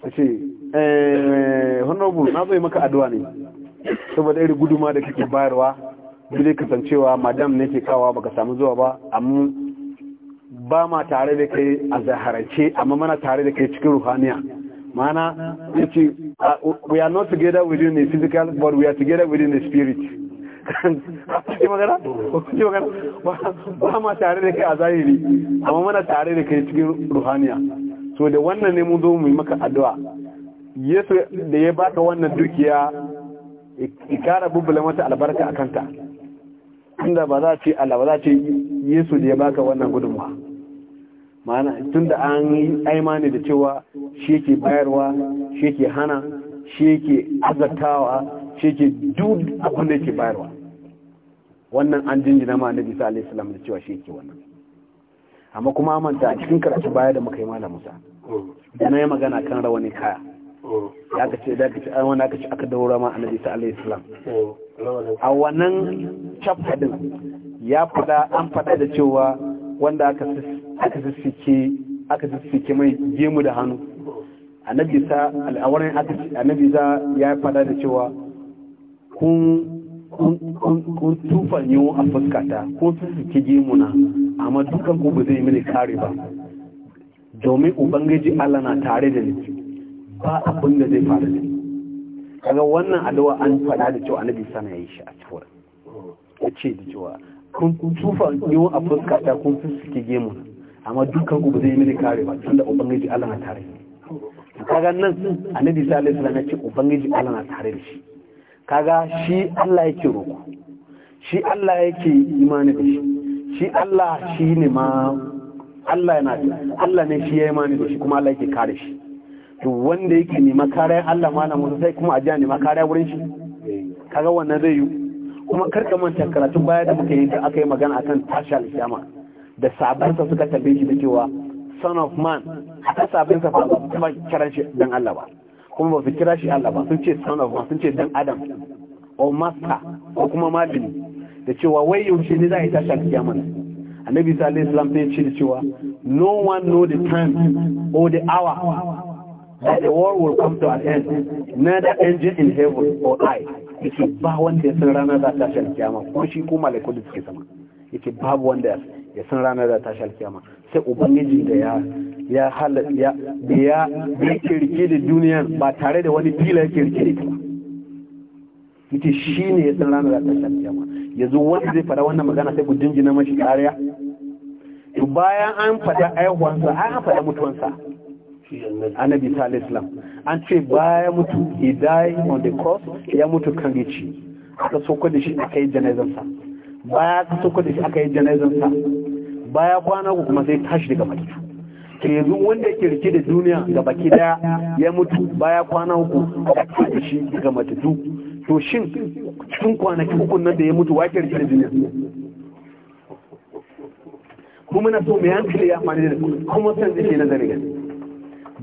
su ce eh, honorable na zai maka addu'a ne saboda irin guduma da kake bayarwa dole kasancewa madam ne ke kawa baka samu zuwa ba amma ba ma tare da kai a zaharance amma mana tare da kai cikin ruhaniya mana yace uh, we are not together within the physical but we are together within the spirit ba ma tare da kai a zahiri amma mana tare da kai cikin ruhaniya so da wannan ne mun zo mu yi maka addu'a yesu da ya baka wannan dukiya ikara bubbula mata albarka a kanta inda ba za a ce Allah ba za a ce yesu da ya baka wannan gudunmuwa ma'ana tun da an yi aimani da cewa shi yake bayarwa shi yake hana shi yake azartawa shi yake duk abin da yake bayarwa wannan an jinjina ma na bisa alaihi salam da cewa shi yake wannan amma kuma manta a cikin karatu baya da muka yi malam musa da na yi magana kan rawani kaya ya ka ce da ka ce an wani aka ce aka daura ma annabi sa alaihi salam a wannan chapter din ya fada an fada da cewa wanda aka aka zaffike aka mai gemu da hannu annabi sa al'awarin aka annabi sa ya fada da cewa kun kun tufa yiwu a fuskata kun zaffike gemu na amma dukan ku ba zai mini kare ba domin ubangiji Allah na tare da ni ba abin da zai fara. da ni kaga wannan addu'a an fada da cewa annabi sana yi shi a cikin ya ce da cewa kun tufa yiwu a fuskata kun fuskike gemu na amma dukkan ku zai zai mini kare ba tunda ubangiji Allah na tare kaga nan annabi sallallahu alaihi wasallam ya ce ubangiji Allah na tare da shi kaga shi Allah yake roko shi Allah yake imani da shi shi Allah shi ne ma Allah yana Allah ne shi ya imani da shi kuma Allah yake kare shi to wanda yake nema kare Allah mu sai kuma a jiya nema kariya wurin shi kaga wannan zai yi kuma karka manta karatu baya da muka yi da aka yi magana akan tashi alkiyama da sabansa suka tabe shi da cewa son of man haka sabansa ba su kuma kira shi dan Allah ba kuma ba su kira shi Allah ba sun ce son of man sun ce dan Adam o masta ko kuma malami da cewa wai yaushe ne za a yi tashi a kiyama annabi sallallahu alaihi wasallam ya ce da cewa no one know the time or the hour that the world will come to an end neither angel in heaven or I yake ba wanda ya san rana za ta tashi a kiyama ko shi ko malaiku da suke sama yake babu wanda ya san ya san ranar da tashi alkiyama sai ubangiji da ya ya da ya da ya kirki da duniya ba tare da wani fila ya kirki da ba shi shine ya san ranar da tashi alkiyama yanzu wani zai fara wannan magana sai ku dinjina mashi kariya to bayan an fada aihuwansa an fada mutuwansa annabi sallallahu islam an ce baya mutu he die on the cross ya mutu kan gici aka soko da shi aka yi janazansa baya aka soko da shi aka yi janazansa baya kwana uku kuma sai tashi daga makitu ke yanzu wanda ke rike da duniya ga baki daya ya mutu baya kwana uku a cikin shi daga matatu. to shin cikin kwanaki uku nan da ya mutu wake rike da duniya kuma na so mai hankali ya amfani da kuma san zai nazari gani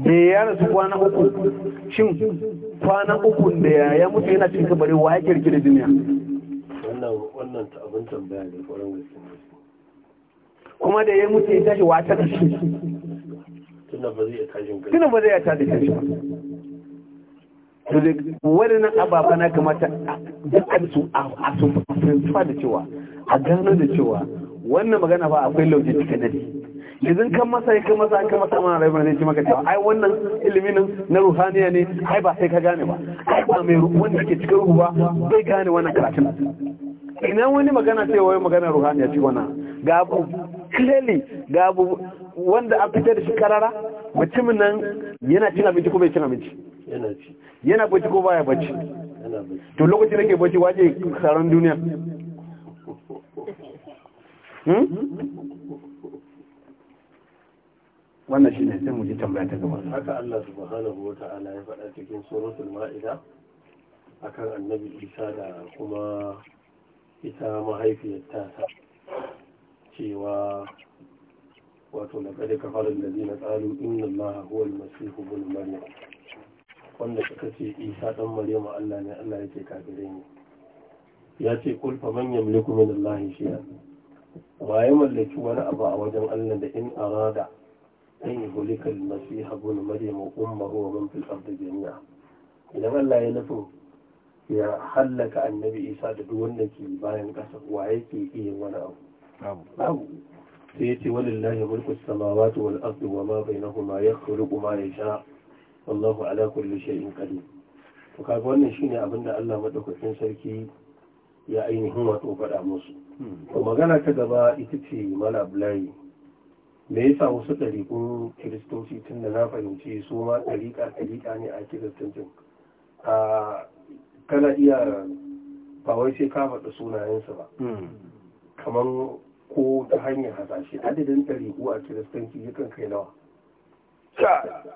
da ya rasu kwana uku shin kwana uku da ya mutu yana cikin kabari wa ya kirki da duniya wannan wannan abin tambaya ne kwarin gaskiya kuma da ya mutu ya tashi wata da shi tunan ba zai ya ta da shi waɗannan ababa na kamata dukkan su a su da cewa a gano da cewa wannan magana ba akwai lauje cikin nadi Idan kan masa ya kan masa kan masa mana rayuwa ne ji maka cewa ai wannan ilimin na ruhaniya ne ai ba sai ka gane ba ai ba mai wanda ke cikin ruhu ba bai gane wannan karatun ina wani magana ce wai magana ruhaniya ce wannan ga abu clearly ga abu wanda a fitar da shi karara mutumin nan yana cin abinci ko bai cin abinci yana bacci ko baya bacci to lokacin da ke bacci waje tsaron duniya hmm? wannan shi ne sai mu ji tambaya ta gaba haka Allah subhanahu wata'ala ya faɗa cikin suratul ma'ida akan annabi Isa da kuma ita mahaifiyar tasa cewa wato na kada kafarin da zina tsarin inna Allah huwa almasihu bin maryam wanda suka ce isa dan maryam Allah ne Allah yake kafirai ne ya ce kul fa man yamliku min Allah shay'a wa ya mallaki wani abu a wajen Allah da in arada an yuhlika almasihu bin maryam wa ummuhu wa man fil ardi jami'a idan Allah ya nufin ya hallaka annabi isa da duk wanda ke bayan kasa wa yake iya wani abu babu sai ya ce walillahi mulkus samawati wal ardi wa ma bainahuma yakhluqu ma yasha wallahu ala kulli shay'in qadir to kaga wannan shine abin da Allah madaukakin sarki ya ainihin wato faɗa musu hmm. to magana ta gaba ita ce mala bulayi me yasa wasu ɗariƙun kiristoci tun da na fahimci su ma ɗariƙa ɗariƙa ne a kiristancin a ah, kana iya ba wai sai ka faɗi sunayensa ba hmm. kamar ko ta hanyar hasashe adadin ɗariƙu a kiristanci yakan kai nawa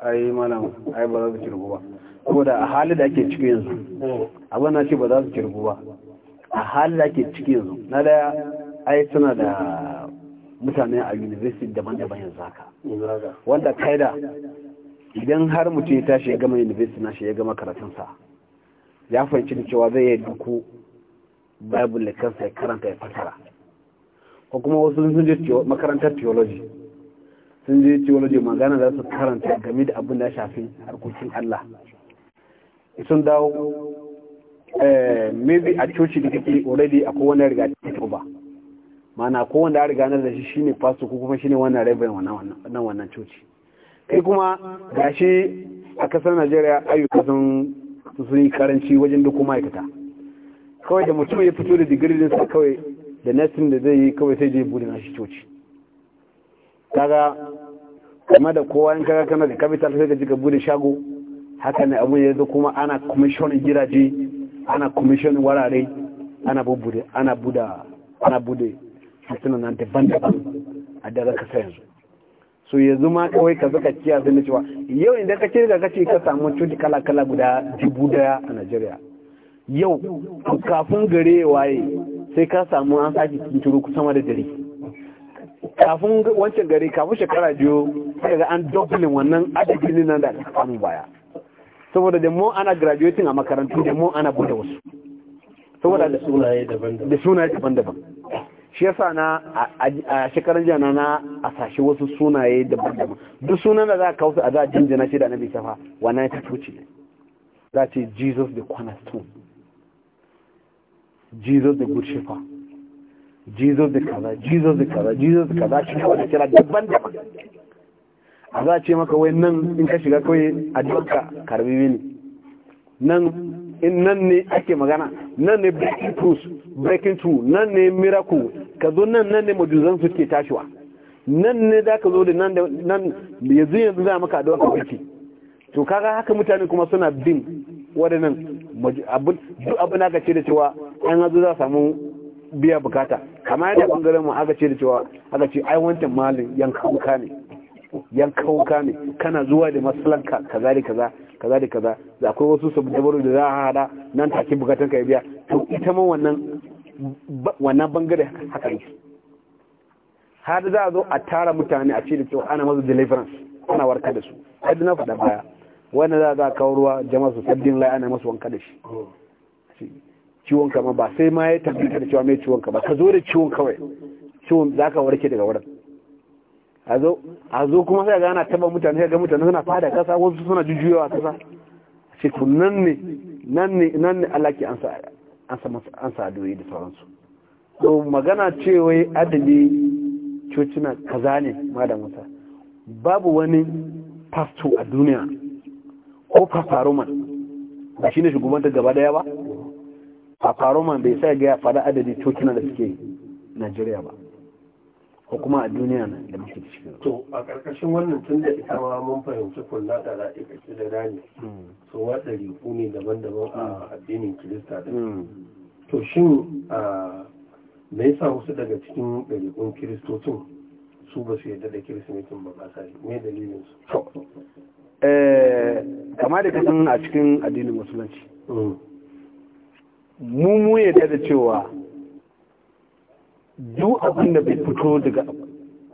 ai malam ai ba za su kirgu ba da a hali da ake ciki yanzu hmm. abin na ce ba za su kirgu ba a hali da ake ciki yanzu na da ai suna da mutane a university daban-daban yanzu haka wanda kaida idan har mutum ya tashi ya gama university na shi ya gama karatunsa ya fahimci da cewa zai yi duku bible da kansa ya karanta ya fatara ko kuma wasu sun je makarantar theology sun je theology magana za su karanta game da abin da ya shafi harkokin Allah sun dawo eh, maybe a coci da kake already akwai wani riga ta ba mana ko wanda ya riga na da shi shine pastor ko kuma shine wannan rabin wannan wannan wannan coci kai kuma gashi a kasar Najeriya ayyuka sun su sun yi karanci wajen duk aikata kawai da mutum ya fito da digirin sa kawai da nesin da zai yi kawai sai je bude nashi coci kaga kuma da kowa in kaga kana da capital sai ka ji ka shago haka ne ya zo kuma ana commission gidaje ana commission warare ana bubude ana buda ana bude sunan nan daban-daban a daga kasa yanzu so yanzu ma kawai ka zaka kiya sai na cewa yau idan ka kirga ce ka samu cuti kala kala guda dubu daya a Najeriya yau kafin gare ya waye sai ka samu an sake kinturu sama da dare kafin wancan gari kafin shekara biyu sai ga an dublin wannan adadin nan da aka samu baya saboda da mu ana graduating a makarantu da mu ana bude wasu saboda da sunaye daban-daban shi yasa na a shekarar jana na a sashi wasu sunaye daban-daban duk sunan da za ka kawo a za a jinjina shi da bai safa wannan ta tuci ne za ce jesus the cornerstone jesus the good shepherd jesus the kaza jesus the kaza jesus the kaza shi kawai da kira daban-daban a za a ce maka wai nan in ka shiga kawai a duka karbi ne nan in nan ne ake magana nan ne breaking truth breaking through nan ne miracle ka zo nan nan ne majuzan suke tashiwa nan ne za ka zo da nan yanzu yanzu za maka addu'a ka barke to kaga haka mutane kuma suna bin waɗannan abin duk abin aka ce da cewa an hazo za samu biya bukata kama yadda bangaren mu aka ce da cewa aka ce ai wancan malin yanka ne yanka ne kana zuwa da masalanka kaza da kaza kaza da kaza da akwai wasu sabu dabaru da za a hada nan take bukatun ka biya to ita ma wannan wannan bangare haka ne har za a zo a tara mutane a ce da cewa ana masu deliverance ana warka da su hadda na faɗa baya wanda za a za kawo ruwa jama'a su sabbin lai ana masu wanka da shi ciwon kama ma ba sai ma ya tabbata da cewa mai ciwon ka ba ka zo da ciwon kawai ciwon za ka warke daga wurin a zo kuma sai ga ana taba mutane sai ga mutane suna fada kasa wasu suna jujjuyawa kasa ce ku nan ne nan ne nan ne Allah ke ansa an sa adoyi da sauransu to magana cewa adadi cocina kaza ne madan wuta. babu wani pasto a duniya ko paparoman ba shi ne shugabantar gaba daya ba paparoman bai sai ga ya faɗa adadi cocina da suke najeriya ba ko kuma a duniya nan da muke cikin to a ƙarƙashin wannan tun da ita ma mun fahimci kulla da ra'ika da rani hmm. so watsa riku ne daban-daban a hmm. addinin kirista da hmm. to shin me yasa wasu daga cikin ɗariƙun kiristocin su ba su yarda da kirsimetin ba ba me dalilin su eh, kama da kasan a cikin addinin musulunci mu mu yarda da cewa duk abin da bai fito daga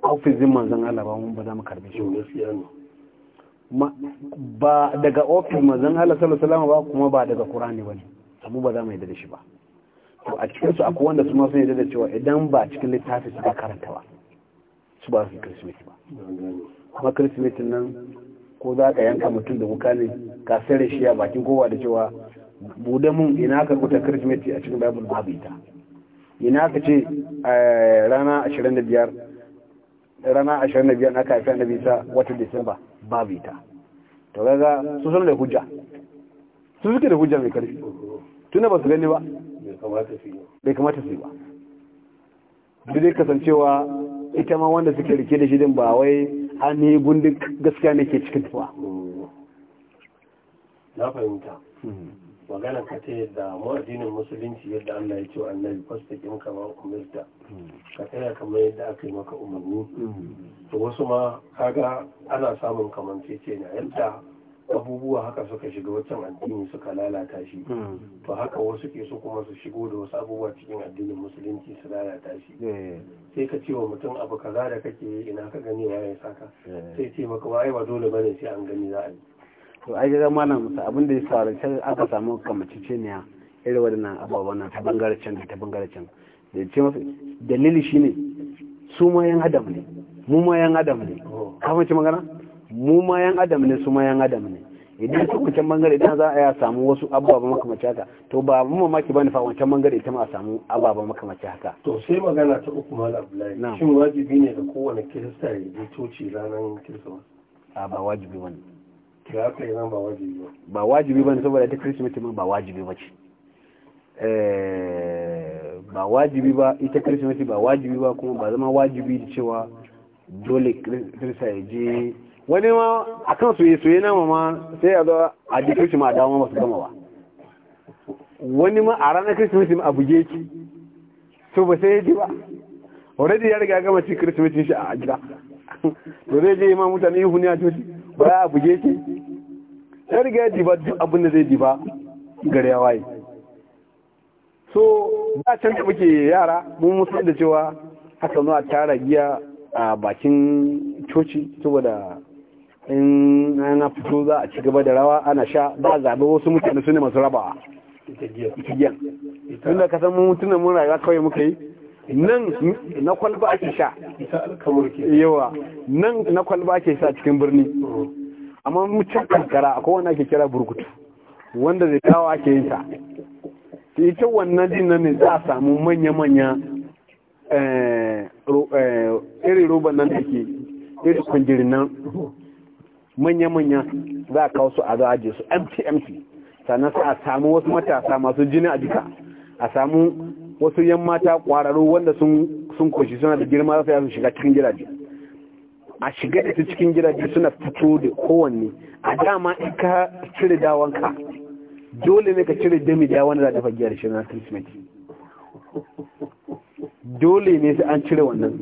ofisin manzan Allah ba mun ba za mu karbe shi ba daga ofis manzan Allah sallallahu alaihi ba kuma ba daga Qur'ani bane sabu ba za mu yadda da shi ba to a cikin su akwai wanda su ma sun yadda da cewa idan ba cikin littafi ba karanta ba su ba su kirsimeti ba kuma kirsimetin nan ko za ka yanka mutum da wuka ne ka sare shi a bakin kowa da cewa bude mun ina ka kuta kirsimeti a cikin bible babu ita ina ka ce eh, rana 25 rana 25 aka haifi annabi isa watan disamba babu ita to kaga su sun da hujja su suke da hujja mai karfi tunda ba su gani ba bai kamata su yi ba duk dai kasancewa ita ma wanda suke rike da shidin ba wai an yi gundin gaskiya ne ke cikin tuwa na fahimta hmm. magana ka ta yadda mu addinin musulunci yadda Allah ya ce wa annabi fastaqim kama umurta mm. ka tsaya kamar yadda aka yi maka umarni mm. to wasu ma kaga ana samun kamancece na yadda abubuwa haka suka shiga wancan addini suka lalata shi mm. to haka wasu ke su kuma su shigo da wasu abubuwa cikin addinin musulunci su lalata shi sai ka ce wa mutum abu kaza da kake ina ka gani ya yi saka sai ce maka wai ba dole bane sai an gani za a yi to ai ga malam musa abin da ya faru sai aka samu kamaciciniya irin waɗannan ababen nan ta bangaren can da ta bangaren can da ya ce masa dalili shine su ma yan adam ne mu ma yan adam ne kama ce magana mu ma yan adam ne su ma yan adam ne idan su wancan bangare idan za a a samu wasu ababa makamanci haka to ba mu maki bane fa wancan bangare ita ma a samu ababa makamanci haka to sai magana ta uku mala abdullahi shin wajibi ne da kowane kirista ya je coci ranar kirsimas a ba wajibi wani ba wajibi ba ne saboda ta kirsimeti ma ba wajibi ba ce eh, ba wajibi ba ita kirsimeti ba wajibi ba kuma ba zama wajibi da cewa dole kirsa ya je wani ma a kan soye soye na mama sai a zo a ji kirsimeti a dawo masu gama ba wani ma a ranar kirsimeti a buge ki so ba sai ya ji ba already ya riga gama ci kirsimetin shi a gida to zai je ma mutane yi huni a coci ba ya buge ke ya riga ya diba duk abin da zai diba gare ya waye so za a muke yara mun musu da cewa haka a tara giya a bakin coci saboda in ana fito za a ci gaba da rawa ana sha ba zaɓe wasu mutane su ne masu rabawa ita giya tun kasan mun mutunan mun rayuwa kawai muka yi nan na kwalba ake sha yawa nan na kwalba ake sha cikin birni uh-huh. amma mucin kankara akwai wanda ake kira burkutu wanda zai kawo ake yin ta ita wannan din nan ne za a samu manya-manya eh, eh, irin roban nan take irin kwangirin nan uh-huh. manya-manya za a kawo su a za a je su mtmt sannan sa a samu wasu matasa masu jini a jika a samu wasu yan mata ƙwararru wanda sun koshi suna da girma za su shiga cikin gidaje a shiga ita cikin gidaje suna fito da kowanne a dama in ka cire dawanka dole ne ka cire dami da wanda za dafa fagiya da shirin christmas dole ne sai an cire wannan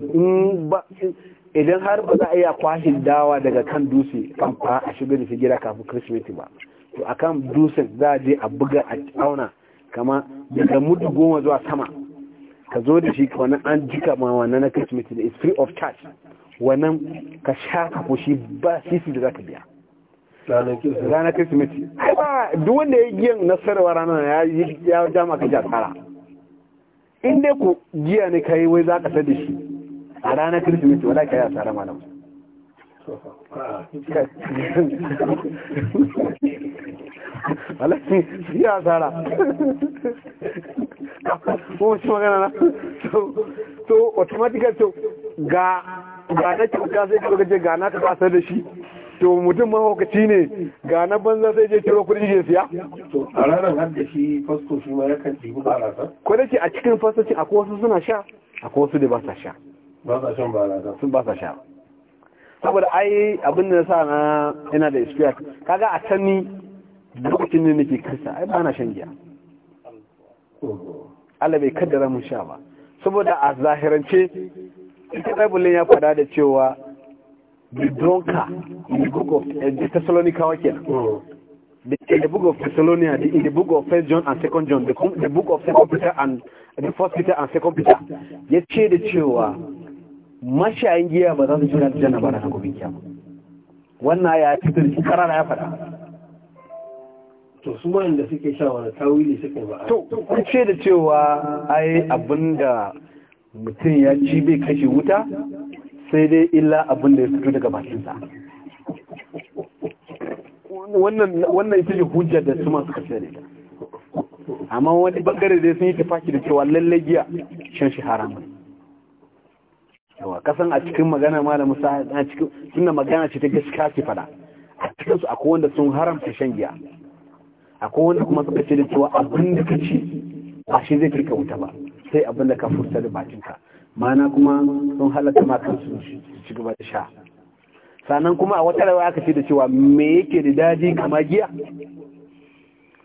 idan har ba za a iya kwashin dawa daga kan dutse kan fa a shiga da gida kafin christmas ba to akan dusin za a je a buga a auna kama daga mudu goma zuwa sama ka zo da shi wannan an jika ma wannan na kirsimeti da is free of charge wannan ka sha ka shi ba sisi da za ka biya ranar kirsimeti ai ba duk wanda ya giyan nasarwa ranar ya yi jama'a ka ja ra in dai ku giya ne ka yi wai za ka sa da shi a ranar kirsimeti wadda ka yi a tsara malam [LAUGHS] alaƙi su yi asara kuma shi magana na to automatically to ga ga na kyauta sai kyau gaje ga na ta fasar da shi to mutum mahaukaci ne ga na banza sai je ciro kudi je siya to a ranar har da shi fasto shi ma yakan ɗibi barasa ko da ke a cikin fastocin akwai wasu suna sha akwai wasu da ba sa sha ba sa shan barasa sun ba sa sha saboda ai abin da na sa na yana da experience kaga a can ni lokacin ne nake kirista ai ba na shan giya Allah bai kaddara mun sha ba saboda a zahirance ita Bible ya faɗa da cewa the donka in the book of eh, the Thessalonikawa kenan in the book of Thessalonica the, in the book of First John and Second John, the, the book of Second Peter and the First Peter and Second Peter, ya ce da cewa mashayin giya ba za su shiga aljanna ba ranar gobe kiyama. Wannan ya fitar shi karara ya faɗa. to su wanda suke sha wani tawili suke ba to kun ce da cewa ai abinda mutum ya ci bai kashe wuta sai dai illa abinda ya fito daga bakinsa wannan ita ce hujja da su masu kashe ne amma wani bangare dai sun yi tafaki da cewa lalle giya shan shi haramun kasan a cikin magana ma da musa a cikin suna magana ce ta gaskiya ce fada a cikin su akwai wanda sun haramta shan giya akwai wanda kuma suka ce da cewa abin da ka ce a shi zai kirka wuta ba sai abin da ka furta da bakinka mana kuma sun halatta ma kansu ci gaba da sha sannan kuma a wata rawa aka ce da cewa me yake da daji kama giya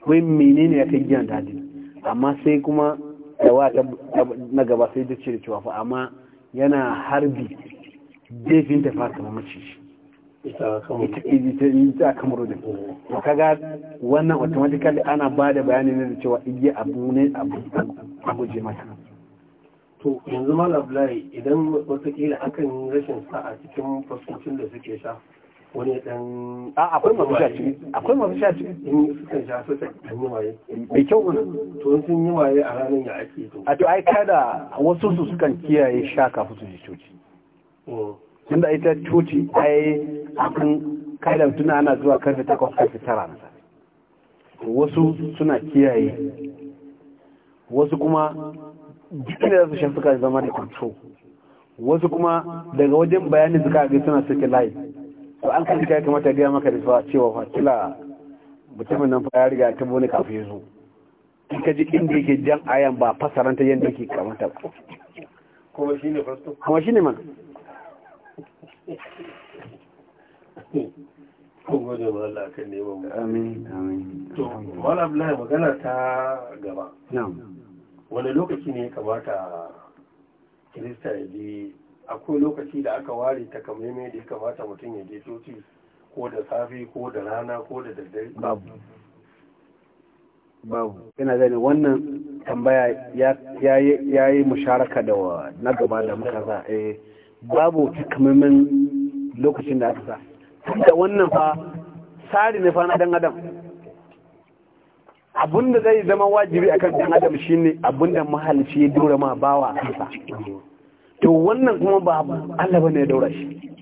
wai menene ya kai giyan daji amma sai kuma rawa na gaba sai da ce da cewa fa amma yana harbi zai fi ta fata shi ita a kamaru to eh. kaga wannan automatically ana ba da bayani ne da cewa iya abu ne a guje mata to yanzu ma Abdullahi idan watakila akan rashin sa'a cikin fasocin da suke sha wani dan a akwai masu sha ciki akwai masu sha ciki in suka sha su ta yi waye mai kyau ne to sun yi waye a ranar ya ake to a to ai kada wasu su sukan kiyaye sha kafin su ji coci eh. tunda ita coci ai akan kaidar tuna ana zuwa karfe takwas karfe tara na wasu suna kiyaye wasu kuma jikin da su shan suka zama da kwanto wasu kuma daga wajen bayanin suka ga suna suke layi to an kai kai kamata ga maka da cewa fa kila mutumin nan fa ya riga ta bone kafin ya zo in ka ji inda yake jan ayan ba fasaranta yadda yake kamata ba kuma shine fasto kuma shine mana kun gode ma Allah kan neman mu amin amin to wala abdullahi magana ta gaba na'am wani lokaci ne ya kamata kirista ya je akwai lokaci da aka ware ta kamar da ya kamata mutum ya je coci ko da safe ko da rana ko da daddare babu babu yana gani wannan tambaya ya yi musharaka da na gaba da muka za eh babu takamaiman lokacin da aka sa da wannan fa tsari ne fa na dan adam abinda zai zama wajibi akan dan adam shine abinda mahalci ya dora ma bawa kansa to wannan kuma ba Allah bane ya daura shi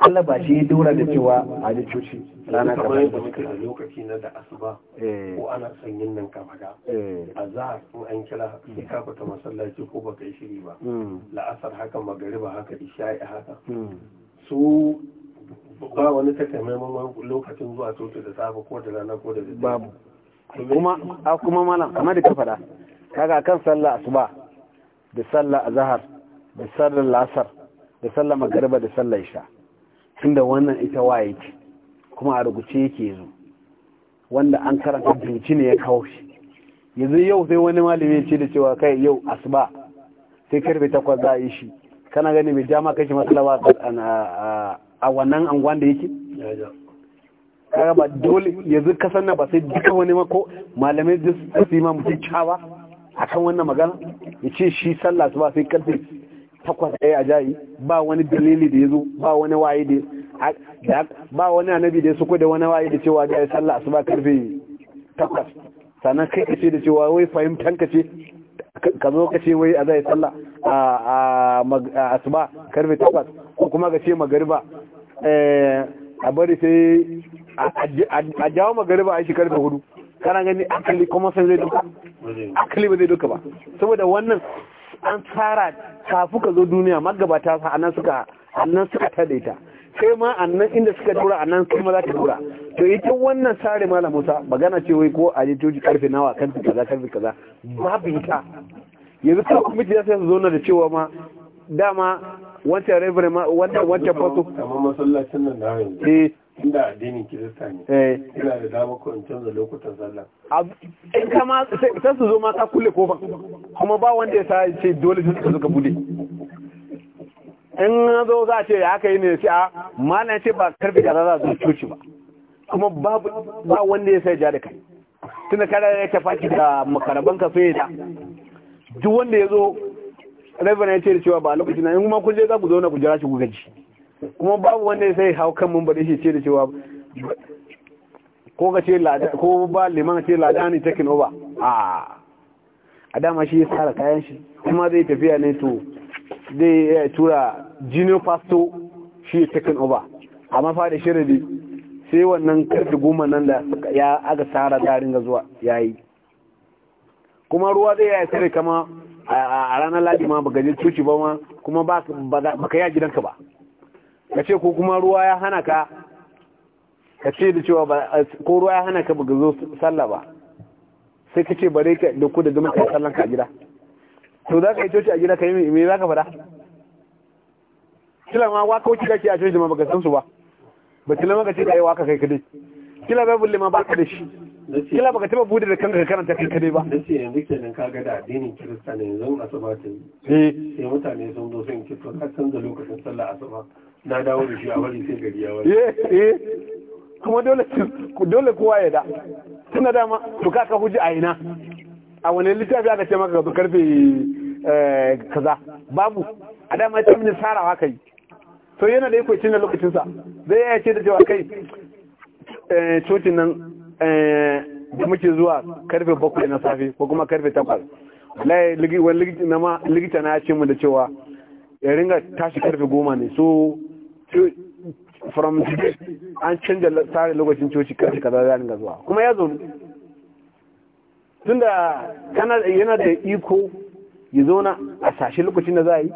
Allah ba shi dora da cewa a ji cuci rana kamar bayan da lokaci na da asuba eh. ko ana son yin nan kama da eh. a za in an kira sai ka fita masallaci ko baka yi shiri ba hmm. la'asar haka magariba haka isha'i haka hmm. su ba wani takamaiman lokacin zuwa coci da safe ko da rana ko da babu kuma a kuma mana kamar da ka faɗa kaga kan sallah asuba da sallah azhar da sallah la'asar da sallah magariba da sallah isha' tunda wannan ita waye ce kuma a rubuce yake zo wanda an karanta dinci ne ya kawo shi yanzu yau sai wani malami ya ce da cewa kai yau asuba sai karfe takwas za a yi shi kana gani mai jama kai shi matsala a wannan anguwan da yake kaga ba dole yanzu kasan na ba sai duka wani mako malamai da su yi ma mutum cawa akan wannan magana ya ce shi sallah su ba sai karfe takwas ɗaya a jayi ba wani dalili da ya zo ba wani waye da ba wani annabi da ya suko da wani waye da cewa ga sallah ba karfe takwas sannan kai kace da cewa wai fahimtan ka ce ka zo ka ce wai a zai sallah a ba karfe takwas ko kuma ka ce magariba eh, a bari sai a jawo magariba a shi karfe hudu kana gani akali kuma san zai duka akali ba zai duka ba saboda wannan an tsara kafu ka zo duniya magabata su anan suka annan suka tadaita sai ma annan inda suka dora annan sai ma za ta dora to ita wannan sare malam Musa magana ce wai ko a je joji karfe nawa kan kaza karfe kaza babu ita yanzu ta kuma ji sai su zo na da cewa ma dama wancan reverend ma wancan wancan fasu masallacin nan da inda addinin kirista ne eh. ina da dama ko in canza lokutan sallah in kama sai su zo ma ta kulle kofa kuma ba wanda ya sa ce dole su suka bude in zo za a ce ya haka yi ne sai a malam ce ba karfi kaza za su coci ba kuma babu ba wanda ya sai ja da kai tunda kada ya ta faki da makaraban ka sai ta duk wanda ya zo reverend ya ce da cewa ba lokacin na in kuma kun je za ku zo na ku jira shi ku gaji kuma babu wanda sai hau kan mun bari shi ce da cewa ko ka ce lada ko ba liman ce lada ne taking over a a dama shi ya tsara kayan shi kuma zai tafiya ne to zai ya eh, tura junior fasto shi ya taking over amma fa da shiradi sai wannan karfi goma nan da ya aga tsara darin ga zuwa yayi kuma ruwa zai yi sare kama a ranar ladi ma baka je cuci ba ma kuma ba ka yi a gidanka ba ka ce ko kuma ruwa ya hana ka ka ce da cewa ko ruwa ya hana ka buga zo sallah ba sai ka ce bare ka da ku da zama ka sallan ka a gida to za ka yi coci a gida ka yi me za ka fada kila ma waka wuce kake a coci ma baka san su ba ba kila ma ka ce ka yi waka kai dai kila ba bulle ma ka da shi kila baka taba bude da kanka ka karanta kai kadai ba nace yanzu kenan ka ga da addinin kirista ne yanzu asuba ta yi eh. sai mutane sun zo sun kito ka da lokacin sallah asuba na dawo da shi a wani sai gari ya wani eh, eh. kuma dole kowa ya da tuna dama to ka huji a ina a wani littafi aka ce maka ga karfe eh, kaza babu a dama ta mini sarawa kai to yana da yake cin lokacin sa zai ya ce da cewa kai cocin nan da muke zuwa karfe bakwai na safe ko kuma karfe takwas wani ligita na ya ce mu da cewa ya ringa tashi karfe goma ne so from today an canza tsarin lokacin coci kashi kaza za ringa zuwa kuma ya zaune tunda yana da iko ya zauna a sashi lokacin da za a yi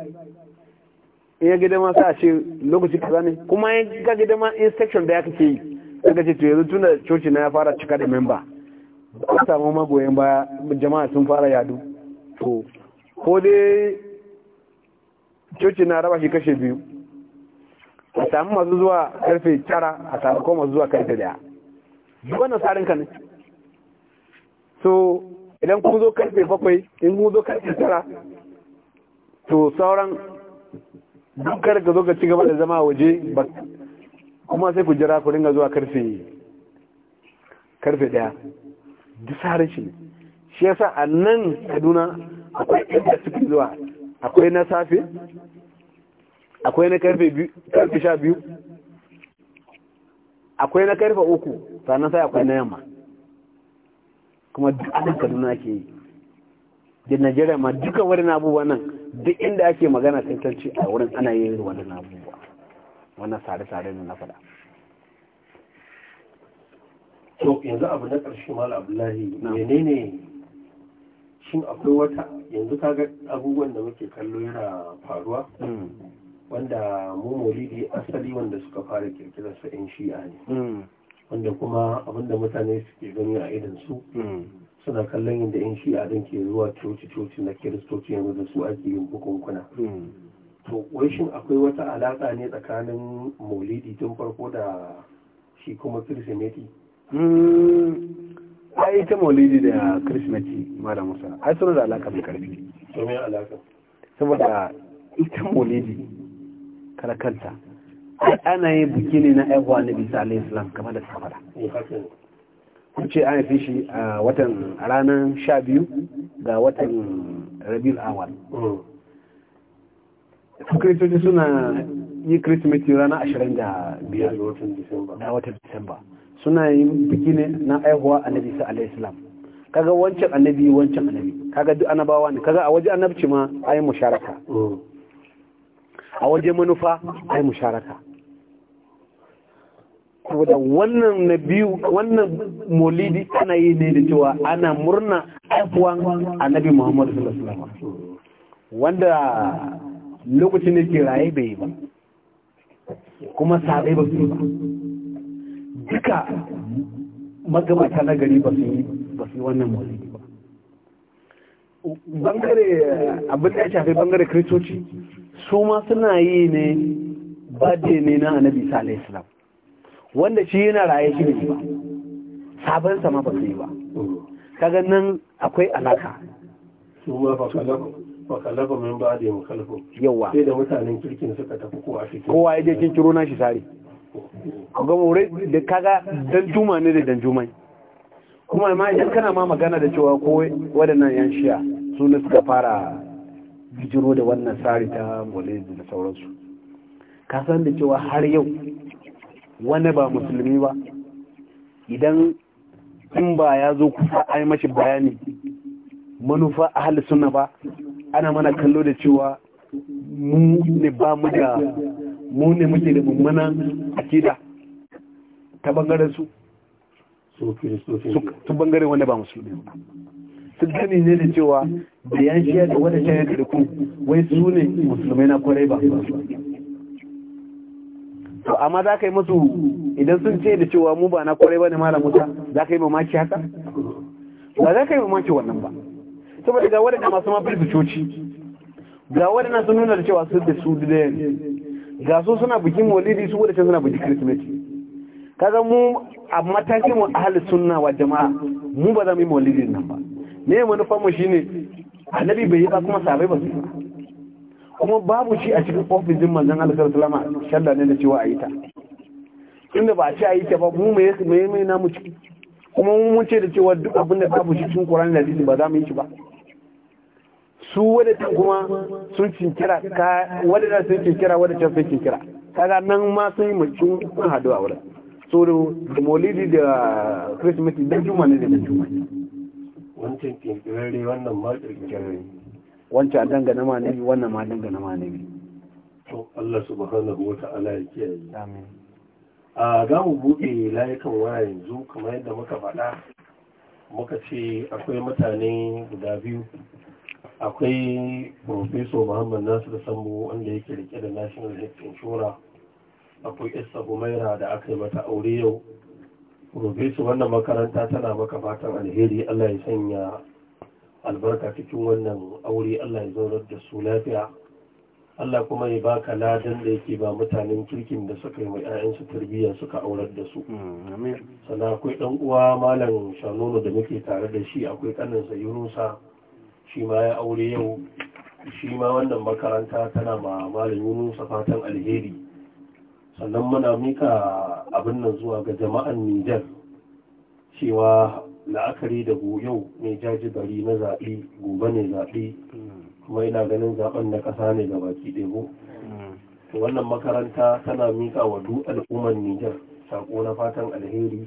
in ya gida ma sa ce lokaci kaza ne kuma ya ga gida ma inspection da ya kake yi daga ce to yanzu da coci na ya fara cika da memba an samu magoyan baya jama'a sun fara yadu ko dai coci na raba shi kashe biyu a samu masu zuwa karfe tara a samu ko masu zuwa karfe daya duk wannan tsarin ka ne so idan kun zo karfe bakwai in kun zo karfe tara to sauran dukkan ka zo ka ci gaba da zama waje ba kuma sai ku jira ku ringa zuwa karfe karfe daya duk tsarin shi ne shi yasa a nan kaduna akwai inda suke zuwa akwai na safe akwai na karfe sha biyu akwai na karfe uku sannan sai akwai na yamma kuma duk anan kaduna ke yi da najeriya ma duka wani abubuwa nan duk inda ake magana kankanci a wurin ana yin wani abubuwa wannan sare-sare ne na faɗa to yanzu abu na ƙarshe mala abdullahi ne shi akwai wata yanzu kaga abubuwan da muke kallo yana faruwa hmm. wanda mu maulidi asali wanda suka fara kirkirar sa yan shi'a ne hmm. wanda kuma abinda mutane suke gani a idan su hmm. suna kallon yadda yan shi'a din ke zuwa coci-coci na kiristoci yanzu da su ake yin bukunkuna hmm. to wai shin akwai wata alaka ne tsakanin maulidi tun farko da shi kuma kirsimeti a ita maulidi da kirsimeti mara musa ai suna da alaka mai karfi to me saboda ita maulidi karkanta ana yin buki ne na aihuwa na bisa alayhi kamar da suka kun ce an haifi shi a watan ranar sha biyu ga watan rabiul awal su suna yi kiristimeti rana ashirin da biyar da watan disamba suna yin biki ne na aihuwa a sa alayhi salam kaga wancan annabi wancan annabi kaga duk annabawa ne kaga a waje annabci ma ayi musharaka a waje manufa ai musharaka saboda wannan na biyu wannan molidi ana yi ne da cewa ana murna haifuwan annabi muhammadu sallallahu alaihi wasallam wanda lokacin da ke raye bai yi ba kuma sabe ba su yi ba duka magabata na gari ba su yi wannan molidi ba bangare abin da ya shafi bangare kristoci su ma suna yi ne da ne na annabi salai islam wanda shi yana raye shi ne ba sabon sama ba su yi ba kaga nan akwai alaka su ma ba kalafa min ba da mukalafin yawa sai da mutanen kirkin suka tafi kowa shi kowa ya je cin kiro na shi sare kaga da kaga dan juma ne da dan jumai kuma ma idan kana ma magana da cewa ko waɗannan yan shiya su ne suka fara bijiro da wannan tsari ta molezi da sauransu ka san da cewa har yau wani ba musulmi ba idan in ba ya zo kusa a yi mashi bayani manufa a hali suna ba ana mana kallo da cewa mu ne ba mu da mu ne muke da a akida ta bangaren su su bangaren wani ba musulmi ba sun gani ne da cewa da yan shiya da ta yadda da ku wai su ne musulmai na kwarai ba to amma za ka yi musu idan sun ce da cewa mu ba na kwarai ba ne malam musa za ka yi mamaki haka ba za ka yi mamaki wannan ba saboda ga waɗanda masu ma coci. ga waɗanda sun nuna da cewa su da su da yanzu ga su suna bikin walidi su waɗanda suna bikin kirsimeti kaga mu a matakin mu ahli sunna wa jama'a mu ba za mu yi maulidin nan ba ne manufar mu shine annabi bai yi ba kuma sabai ba su kuma babu shi a cikin ofisin manzon Allah sallallahu shalla ne da cewa yi ta inda ba a ce yi ta ba mu mai mai mai namu ciki kuma mun ce da cewa duk abin da babu shi cikin Qur'ani da hadisi ba za mu yi shi ba su wadatan kuma sun cinkira ka wadatan sun cinkira wadatan sun cinkira kaga nan ma sun yi mutum sun haɗu a wurin so da molidi da christmas da juma ne da juma wancan kirkirarre wannan ma kirkirarre wancan a dangana ma ne wannan ma dangana ma nabi to Allah subhanahu wata'ala ya kiyaye amin a za mu buɗe layukan waya yanzu kamar yadda muka faɗa muka ce akwai mutane guda biyu akwai professor muhammad nasir sambo wanda yake rike da national health insurance akwai isa humaira da aka yi mata aure yau gobe su wannan makaranta tana maka fatan alheri Allah ya sanya albarka cikin wannan aure Allah ya zaurar da su lafiya Allah kuma ya baka ladan da yake ba mutanen kirkin da suka yi 'ya'yansu tarbiyya suka aurar da su. Mm, Sana akwai ɗan uwa malam Shanono da muke tare da shi akwai sa Yunusa shi ma ya aure yau shi ma wannan makaranta tana ma malam Yunusa fatan alheri sannan muna mika abin nan zuwa ga jama'an nijar cewa la'akari da yau mai jajibari na zaɓe gobe ne zaɓe kuma ina ganin zaɓen na ƙasa ne ga baki ɗebo wannan makaranta tana mika wa duk al'ummar nijar sako na fatan alheri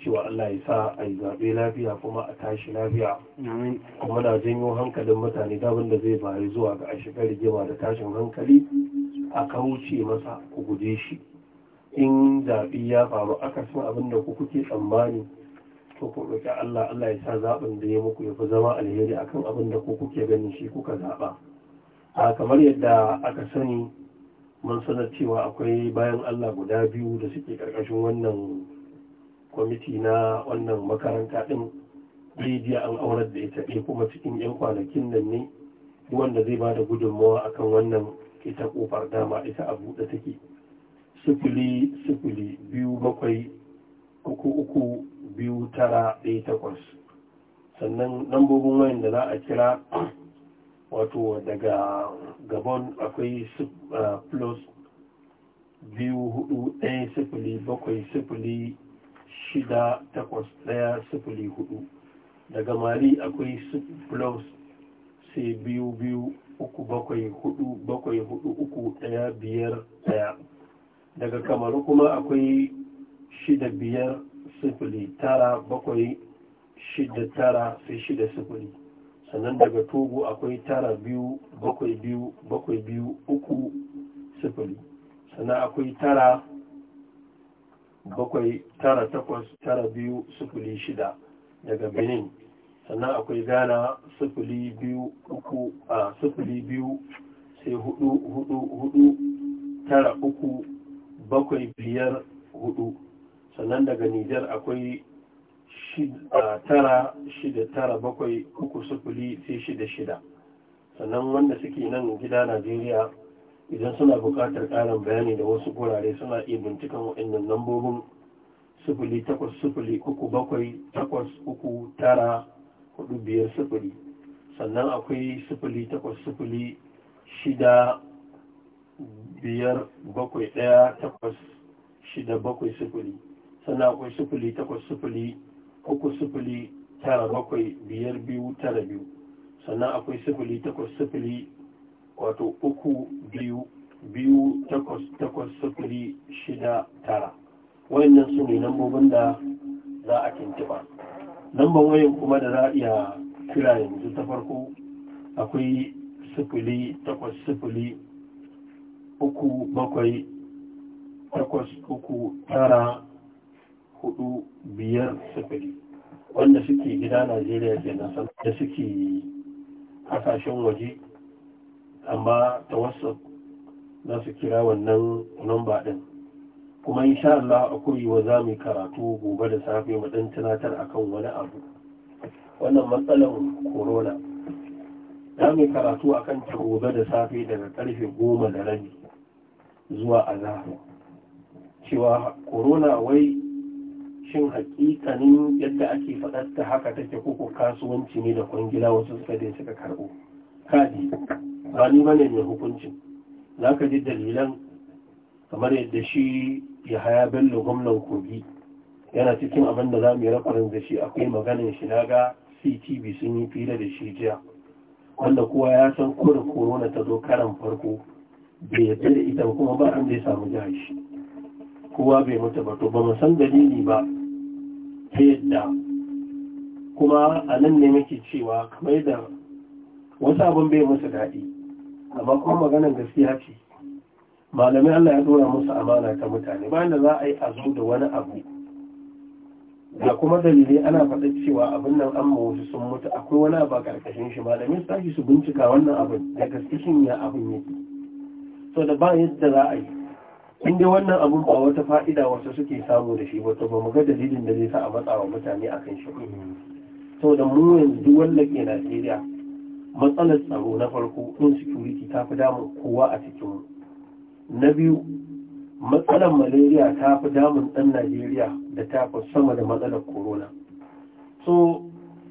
cewa Allah ya sa a yi zaɓe lafiya kuma a tashi lafiya kuma na janyo hankalin mutane dabin da zai bayi zuwa ga a shigar rigima da tashin hankali a kauce masa ku guje shi in zaɓi ya faru aka san abin da ku kuke tsammani to ku roƙi Allah Allah ya sa zaɓin da ya muku ya fi zama alheri akan abin da ku kuke ganin shi kuka zaɓa a kamar yadda aka sani mun sanar cewa akwai bayan Allah guda biyu da suke ƙarƙashin wannan kwamiti na wannan makaranta ɗin jiya an aurar da ita kuma cikin 'yan kwanakin nan ne wanda zai ba da gudunmawa akan wannan ita kofar dama ita a buɗe take sifili sifili biyu bakwai uku uku biyu tara ɗaya takwas sannan lambobin wayan da za a kira wato daga gabon akwai plus biyu hudu ɗaya sifili bakwai sifili shida takwas ɗaya sifili hudu daga mari akwai plus sai biyu biyu uku bakwai hudu bakwai hudu uku daya biyar daya daga kamaru kuma akwai shida biyar sifili tara bakwai shida tara sai shida sifili sannan daga togo akwai tara biyu bakwai biyu bakwai biyu uku sifili sannan akwai tara bakwai tara takwas tara biyu sifili shida daga benin sannan akwai gana sufuli biyu uku a sufuli biyu sai hudu hudu hudu tara uku bakwai biyar hudu sannan daga nijar akwai tara shida tara bakwai uku sufuli sai shida shida sannan wanda suke nan gida najeriya idan suna bukatar karin bayani da wasu gurare suna iya bincikan waɗannan lambobin sufuli takwas sufuli uku bakwai takwas uku tara hudu biyar sifili sannan akwai sifili takwas sifili shida biyar bakwai ɗaya takwas shida bakwai sifili sannan akwai sifili takwas sifili uku sifili tara bakwai biyar biyu tara biyu sannan akwai sifili takwas sifili wato uku biyu biyu takwas takwas sifili shida tara wayannan su ne lambobin da za a kintiba lambar wayan kuma da za a iya kira yanzu ta farko akwai sifili takwas sifili uku bakwai takwas uku tara hudu biyar sifili wanda suke gida najeriya ke nasa da suke hasashen waje amma ta wasu za su kira wannan namba din kuma insha Allah akwai wa za mu karatu gobe da safe mu dan tunatar akan wani abu wannan matsalar corona za mu karatu akan ta gobe da safe daga karfe goma da rabi zuwa azahar cewa corona wai shin hakikanin yadda ake ta haka take koko kasuwanci ne da kwangila wasu suka dai suka karɓo kaji ba ni bane mai hukuncin za ka ji dalilan kamar yadda shi ya haya bello gwamnan kogi yana cikin abin da za mu yi rafarin da shi akwai maganin shi na ga ctv sun yi fira da shi jiya wanda kowa ya san kore korona ta zo karan farko bai yadda da ita kuma ba an zai samu jihar shi kowa bai mutu ba to ba mu san dalili ba ta yadda kuma a nan ne muke cewa kamar yadda wasu abin bai musu daɗi amma kuma maganan gaskiya ce malamai Allah ya dora musu amana ta mutane bayan da za a yi a da wani abu da kuma dalilai ana faɗa cewa abin nan an wasu sun mutu akwai wani abu a ƙarƙashin shi malamai su tashi su bincika wannan abin da gaske shin ya abin yake so da ba yadda za a yi in dai wannan abin ba wata fa'ida wasu suke samu da shi wato ba mu ga dalilin da zai sa a matsawa mutane akan shi so da mu yanzu duk wanda ke Najeriya matsalar tsaro na farko insecurity ta fi damun kowa a cikin mu na biyu matsalar malaria ta fi damun ɗan najeriya da ta fi sama da matsalar corona so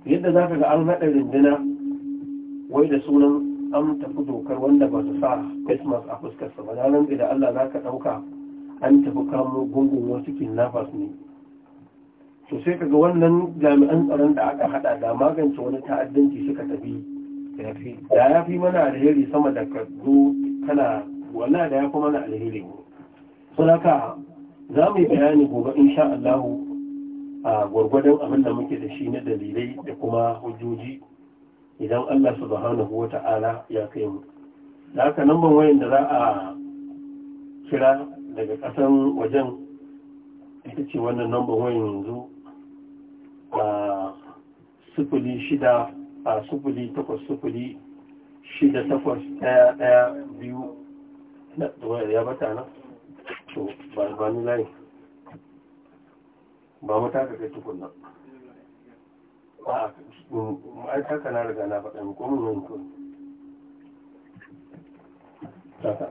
yadda za ka ga an haɗa rindina wai da sunan an tafi dokar wanda ba su sa christmas a fuskarsa ba nan da allah za ka ɗauka an tafi kamo gungun wasu kidnappers ne so sai ka ga wannan jami'an tsaron da aka haɗa da magance wani ta'addanci suka tafi da ya fi mana alheri sama da kaddu kana wannan da ya kuma na alheri ne saboda za mu yi bayani gobe insha Allah a gwargwadon abin da muke da shi na dalilai da kuma hujjoji idan Allah subhanahu wata'ala ya kai mu da haka ban wayan da za a kira daga kasan wajen ita ce wannan namban wayan yanzu a sufuli shida a sufuli takwas sufuli shida takwas ɗaya ɗaya biyu ya bata nan to ba ni layi ba mata ka kai tukun nan ba ai ta na riga na faɗa mu komun nan to ta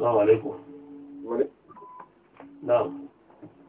Assalamu alaikum. Na'am.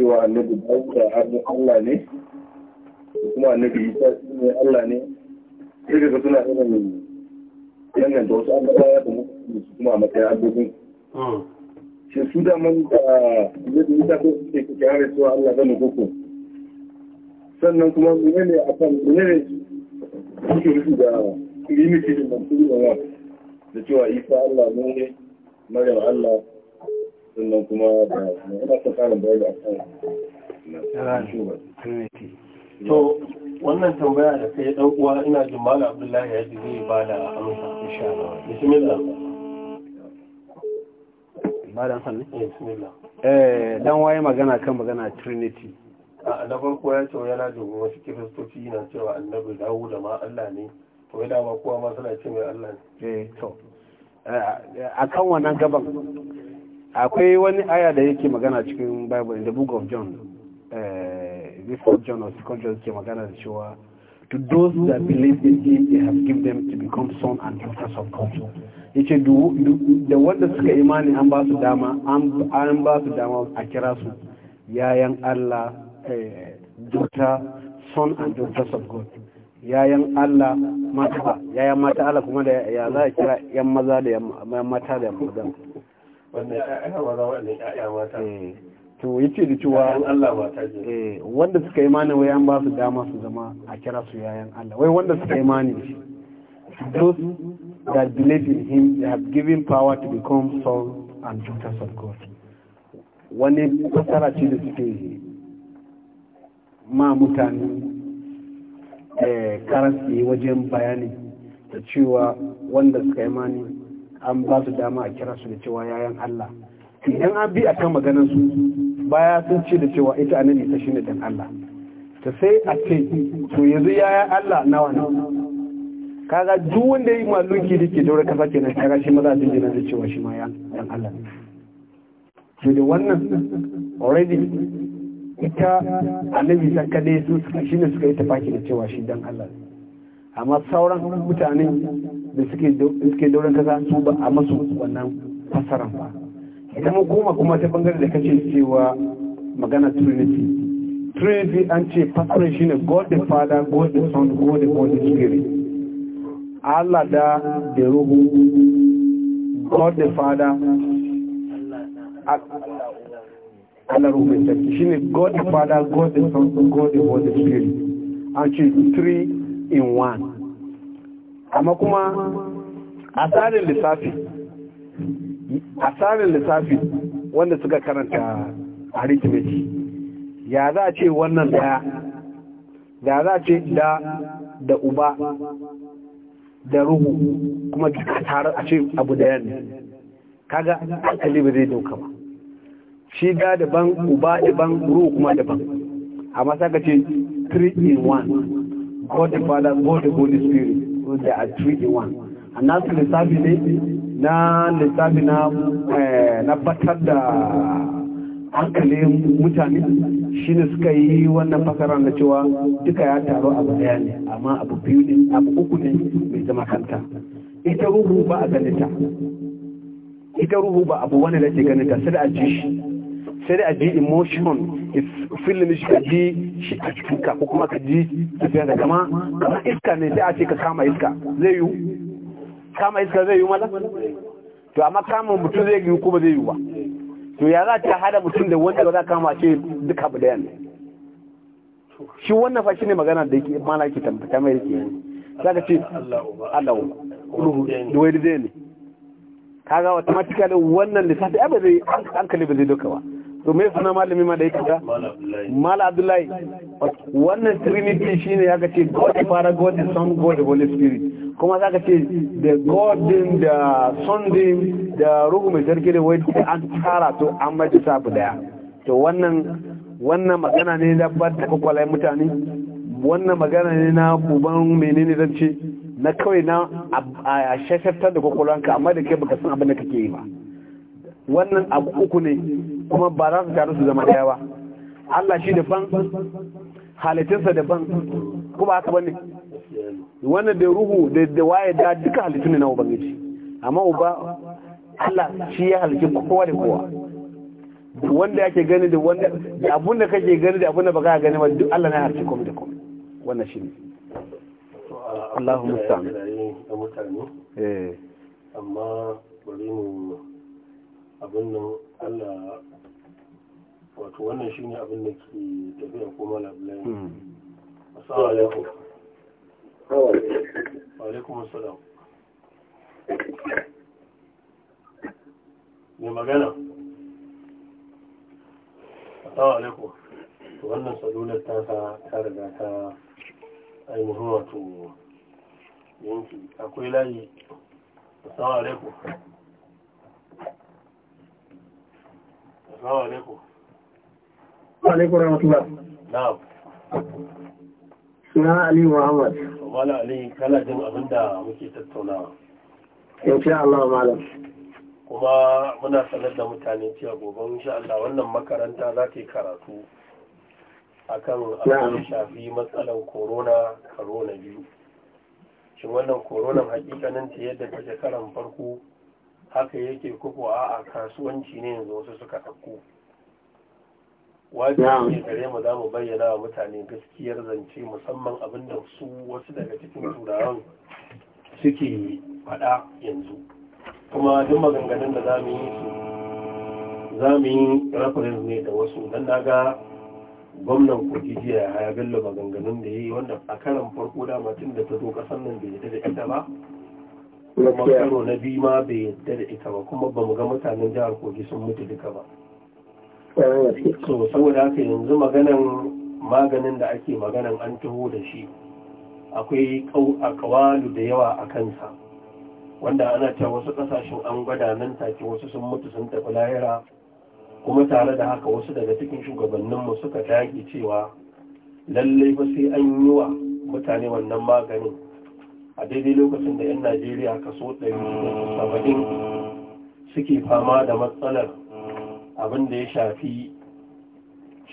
cewa annabi dauda hannun Allah ne kuma annabi isa ne Allah ne sai ga suna irin danganta wasu annabawa da muka sani su kuma a gobe ah shi su da daman da ne da isa ko sai ke kare su cewa Allah zama koko sannan kuma mene ne a kan mene ne suke rufi da limitin da masu da cewa isa Allah ne Maryam Allah sannan kuma da yana ta karin bayani a kan to wannan tambaya da kai dan uwa ina jin mala abdullahi ya ji zai ba da amsa insha Allah bismillah ya eh, bismillah eh dan waye magana kan magana trinity a na farko ya ce yana jin wasu kiristoci yana cewa annabi dawo da ma Allah ne to yana ma kowa ma suna ce mai Allah ne eh to eh, a kan wannan gaban akwai wani aya da yake magana cikin bible in the book of john eh, before john or second john ke magana da cewa to those that believe in him they have given them to become son and daughters of god yace da wanda suka imani an ba su dama an ba su dama a kira su yayan allah eh, daughter son and daughters of god yayan Allah mata yayan mata Allah kuma da ya za a kira yan maza da yan mata da yan maza wannan ya'ya maza wannan ya'ya mata eh, to yace da cewa Allah mata ce eh, wanda suka imani wai an ba su dama su zama a kira su yayan Allah wai wanda suka imani those that believe in him they have given power to become sons and daughters of God wani fasara ce da suke ma mutane eh, karanci wajen bayani da cewa wanda suka imani an ba su dama a kira su da cewa yayan Allah idan an bi kan maganar su baya sun ce da cewa ita annabi ta shine dan Allah ta sai a ce to yanzu yayan Allah nawa ne kaga duk wanda yi maluki da ke daura kasa kenan kaga shi maza jin jinan da cewa shi ma Dan Allah ne to da wannan already ita annabi ta kadai su shine suka yi tafaki da cewa shi dan Allah amma sauran mutane da suke dauran kasa su ba a masu wannan fasaran ba idan mu goma kuma ta bangare da kace cewa magana trinity trinity an ce fassaran shine god the father god the son god the holy spirit allah da da ruhu god the father allah ruhu mai sarki shine god the father god the son god the holy spirit an ce three in one amma kuma a tsarin lissafi a tsarin lissafi wanda suka karanta arithmetic ya za a ce wannan daya Ya za a ce da da uba da ruhu kuma duka tare a ce abu da yanne kaga hankali ba zai dauka ba shi da daban uba daban ruhu kuma daban amma saka ce 3 in 1 god the father god the holy spirit soja a 3-1 a nasu lissafi ne na lissafi na eh, na batar da hankali mutane shi ne suka yi wannan fasara na cewa duka ya taru abu daya ne amma abu biyu ne abu uku ne mai zama kanta ita ruhu ba a ganita ita ruhu ba abu wani da ke ganita sai da a ji shi sai dai a ji emotion filin shi ka ji shi a ka ko kuma ka ji tafiya da kama kama iska ne sai a ce ka kama iska zai yiwu kama iska zai yiwu mala to amma kama mutum zai yiwu kuma zai yiwu ba to ya za ta hada mutum da wanda ba za kama ce duka abu daya ne shi wannan fa ne magana da yake mala yake tambata mai yake za ka ce Allah ruhu da wai zai ne kaga automatically wannan lissafi abin zai an kalibin zai doka ba to me suna malami ma da ya kasa mala abdullahi wannan trinity shine ya ce god the father god the son god the holy spirit kuma za ka ce the god din da son din da ruhu mai sarki da wai an tara to an mace sabu daya to wannan wannan magana ne na ba ta kwakwalai mutane wannan magana ne na buban menene zan ce na kawai na a shashaftar da kwakwalwanka amma da ke baka san abin da kake yi ba wannan abu uku ne kuma ba za su taru su zama daya ba Allah shi daban halittarsa daban kuma haka bane wannan da ruhu da da waye da duka halittu ne na ubangiji amma uba Allah shi ya halitta kowa da kowa wanda yake gani da wanda abun da kake gani da abun da baka gani ba duk Allah ne ya halitta komai da komai wannan shi ne Allahu musta'an eh. amma bari mu abin nan Allah wato wannan ne abin da ke tafiya ko malam hmm. Abdullahi assalamu alaikum wa alaikum assalam mai magana assalamu alaikum to wannan salular ta ta riga ta ainihin wato yanki akwai layi assalamu alaikun assalamu alaikun muke tattaunawa. Allah Kuma muna sanar da mutane cewa gobe insha Allah wannan makaranta za ta yi karatu akan abin shafi matsalan korona corona biyu. shi wannan corona hakikanin ta yadda ta shekaran farko haka yake kuku a'a kasuwanci ne yanzu wasu suka ɗauko. wajibi gare mu za mu bayyana wa mutane gaskiyar zance musamman abin da su wasu daga cikin turawan suke faɗa yanzu kuma duk maganganun da za mu yi su za yi reference ne da wasu don naga gwamnan kogi jiya ya galla maganganun da ya yi wanda a karan farko da matin da ta zo kasan nan bai yadda da ita ba kuma karo na biyu ma bai yadda da ita ba kuma ba mu ga mutanen jihar kogi sun mutu duka ba so saboda haka yanzu maganan maganin da ake maganan an taho da shi akwai akawalu da yawa a kansa wanda ana ta wasu kasashen an gwada nan take wasu sun mutu sun tafi lahira kuma tare da haka wasu daga cikin shugabanninmu suka dage cewa lallai ba sai an yi wa mutane wannan maganin a daidai lokacin da 'yan najeriya kaso 170 suke fama da matsalar abin da ya shafi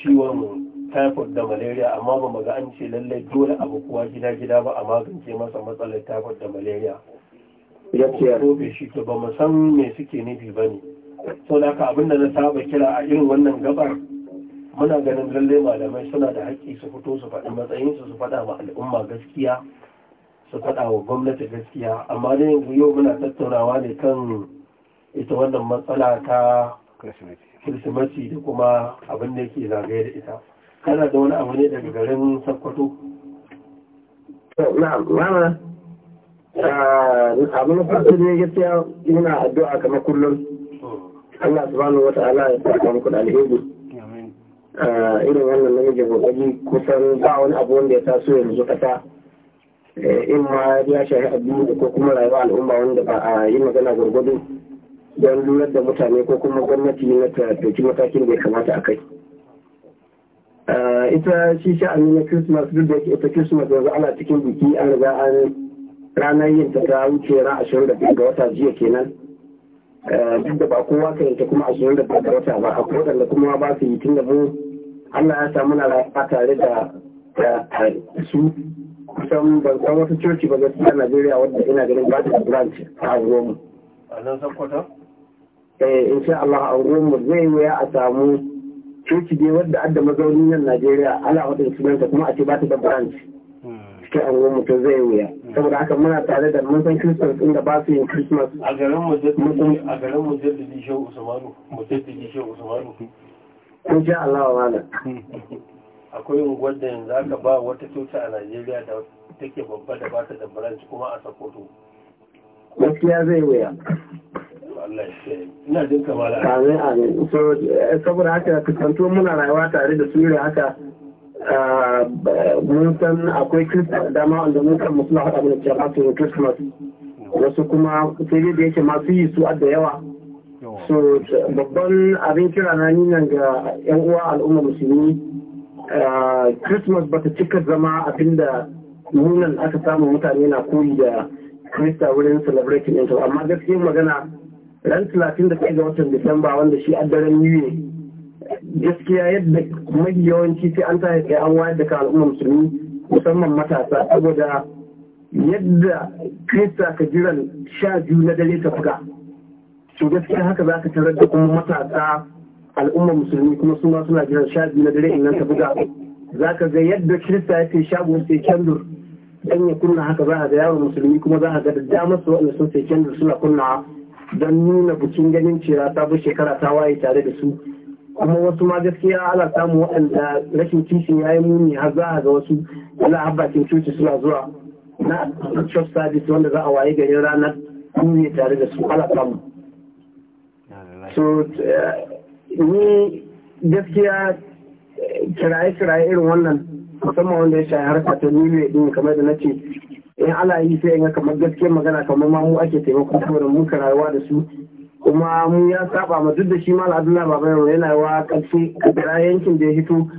ciwon typhoid da malaria amma ba maga an ce lallai dole abu kuwa gida-gida ba a magance masa matsalar typhoid da malaria ya ce robe shi to ba mu san me suke nufi ba ne sau da abin da na saba kira a irin wannan gabar muna ganin lallai malamai suna da haƙƙi su fito su faɗi matsayinsu su faɗa ma al'umma gaskiya su faɗa wa gwamnati gaskiya amma da yau muna tattaunawa ne kan ita wannan matsala ta kirsimati da kuma abin da yake zagaye da ita kana da wani abu ne daga garin sakkwato ah, Na mama abu na farko ne gaskiya ina addu'a kamar kullum hmm. Allah subhanahu wa ta'ala ya saka muku da alheri ah, irin wannan namijin kokari kusan ba wani abu wanda ya taso yanzu kasa eh, in ma ya shahi addini ko kuma rayuwa al'umma wanda ba a yi magana gurgudu don lura da mutane ko kuma gwamnati na ta ɗauki matakin da ya kamata a kai ita shi sha'ani na christmas duk da yake ita christmas yanzu ana cikin biki an riga an ranar yin ta ta wuce ran ashirin da biyu ga wata jiya kenan duk da ba kowa ka yanta kuma ashirin da biyu ga wata ba a da kuma ba su yi tun da mu allah ya samu na rayuwa tare da su kusan ban san wata coci ba gaskiya najeriya wadda ina ganin ba ta branch a mu. a nan Eh, in sha Allah a mu zai waya a samu coci dai wadda adda mazauni nan Najeriya ala wadin sunanta kuma a ce ba ta da branch hmm. cikin angon mu ta zai waya hmm. saboda haka muna tare da mun san Christmas din da ba su yin Christmas a garin mu a garin mu jaddidi Shehu Usmanu mu jaddidi Shehu Usmanu sha Allah wala [LAUGHS] akwai unguwar da yanzu aka ba wata coci a Najeriya da take babba da ba ta da branch kuma a Sokoto gaskiya zai wuya Eh, saboda haka kusanto muna rayuwa tare da su da haka ah, mun san akwai kirista dama wanda mun san musu haɗa mana cewa su yi christmas wasu kuma sai da yake masu yi su da yawa so babban abin kira na nan ga yan uwa al'umma musulmi ah, christmas ba ta cika zama abinda nunan aka samu mutane na koyi da krista wurin celebrating ɗinsu amma gaskiyar magana ran talatin da kai ga watan disamba wanda shi addaren yi ne gaskiya yadda mafi yawanci sai an tafi an wayar da kan al'umma musulmi musamman matasa saboda yadda kirista ka jiran sha biyu na dare ta buga to gaskiya haka za ka tarar da kuma matasa al'umma musulmi kuma su ma suna jiran sha biyu na dare in nan ta buga za ka ga yadda kirista ya ce shago sai kendur dan ya kunna haka za a ga yawon musulmi kuma za a ga da damar su waɗanda sun sai kendur suna kunna don nuna bikin ganin cewa sabon shekara ta waye tare da su kuma wasu ma gaskiya ana samu waɗanda rashin kishin ya yi muni har za a ga wasu wala habbakin coci suna zuwa na church service wanda za a waye garin ranar ne tare da su ala samu so eh, ni gaskiya eh, kiraye-kiraye irin wannan musamman wanda ya shahararka ta din kamar da na ce in ana yi sai in ga kamar gaskiyar magana kamar ma mu ake taimako saboda mun rayuwa da su kuma mu ya saba ma duk da shi mala abdullah baba yau yana wa kace kadara yankin da ya hito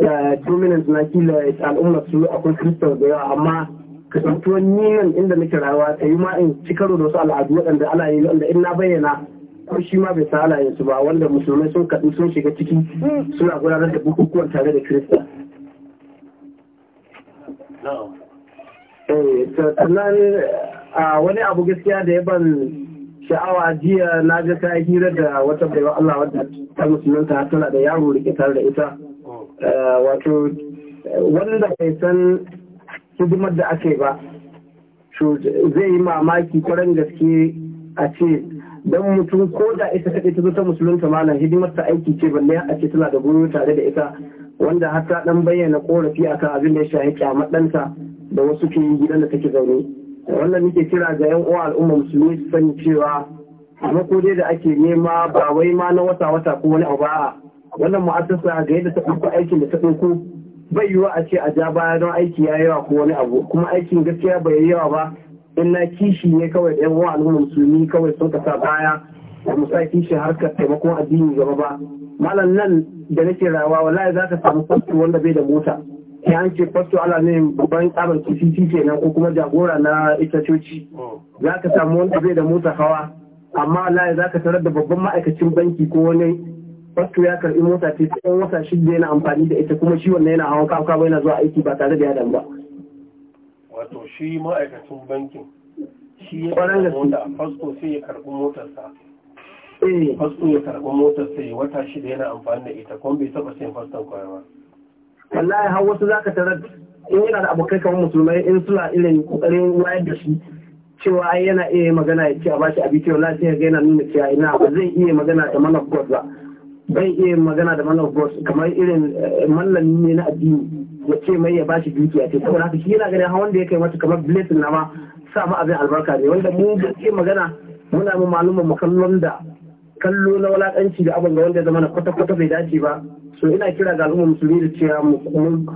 eh, dominant na kila al'umma su akwai kristal da yawa amma kasantuwar ni nan inda nake rayuwa ta yi ma in ci karo da wasu al'adu waɗanda ana yi wanda in na bayyana ko shi ma bai sa su ba wanda musulmai sun kaɗu sun shiga ciki suna gudanar da bukukuwan tare da kirista. Eh, sannan wani abu gaskiya da ya ban sha'awa jiya na ga ta hira da wata baiwa Allah wadda ta musulunta tana da yaro ke tare da ita oh. eh, wato wanda bai san hidimar da ake ba zai yi mamaki kwaran gaske a ce don mutum ko da ita kaɗai ta zo ta musulunta malam hidimar ta aiki ce balle a ce tana da goyo tare da ita wanda har ta dan bayyana korafi akan abin da ya shahi kyamar ɗanta da wasu ke yi gidan da take zaune wannan muke kira ga yan uwa al'umma musulmi su sani cewa mako dai da ake nema ba wai ma na wata wata ko wani abu a'a wannan mu'assasa ga yadda ta ɗauko aikin da ta ɗauko bai yiwa a ce a ja baya don aiki ya yawa ko wani abu kuma aikin gaskiya bai yawa ba in na kishi ne kawai yan uwa al'umma musulmi kawai sun kasa baya da musa kishi harkar taimakon addini gaba ba malam nan da nake rawa wallahi za ka samu fasto wanda bai da mota ya an ce fasto ala ne babban tsabar kcc nan ko kuma jagora na ita coci hmm. za ka samu wanda zai da mota hawa amma Allah za ka tarar da babban ma'aikacin banki ko wani fasto ya karbi mota ce tsawon wata shida yana amfani da ita kuma shi wannan yana hawan kawai-kawai yana zuwa aiki ba tare da ya ba. wato shi ma'aikacin bankin shi ya karbi mota fasto sai ya karbi motarsa fasto eh. ya karbi motarsa ya wata da yana amfani da ita kuma bai taba sayan faston kwaya ba wallahi har wasu zaka tarar in yana da abokai kamar musulmai in suna irin kokarin wayar da shi cewa ai yana iya magana ya ce a bashi abinci wallahi sai ga yana nuna cewa ina ba zai iya magana da man God ba bai iya magana da man of God kamar irin eh, mallami ne na addini ya ce mai ya bashi dukiya ce saboda haka shi yana ganin hawan da ya kai mata kamar blessing na ma sa ma abin albarka ne wanda mu ke magana muna mu malumin mu kallon da kallo na walakanci da abin da wanda ya zama na kwata-kwata bai dace ba so ina kira ga al'ummar musulmi da cewa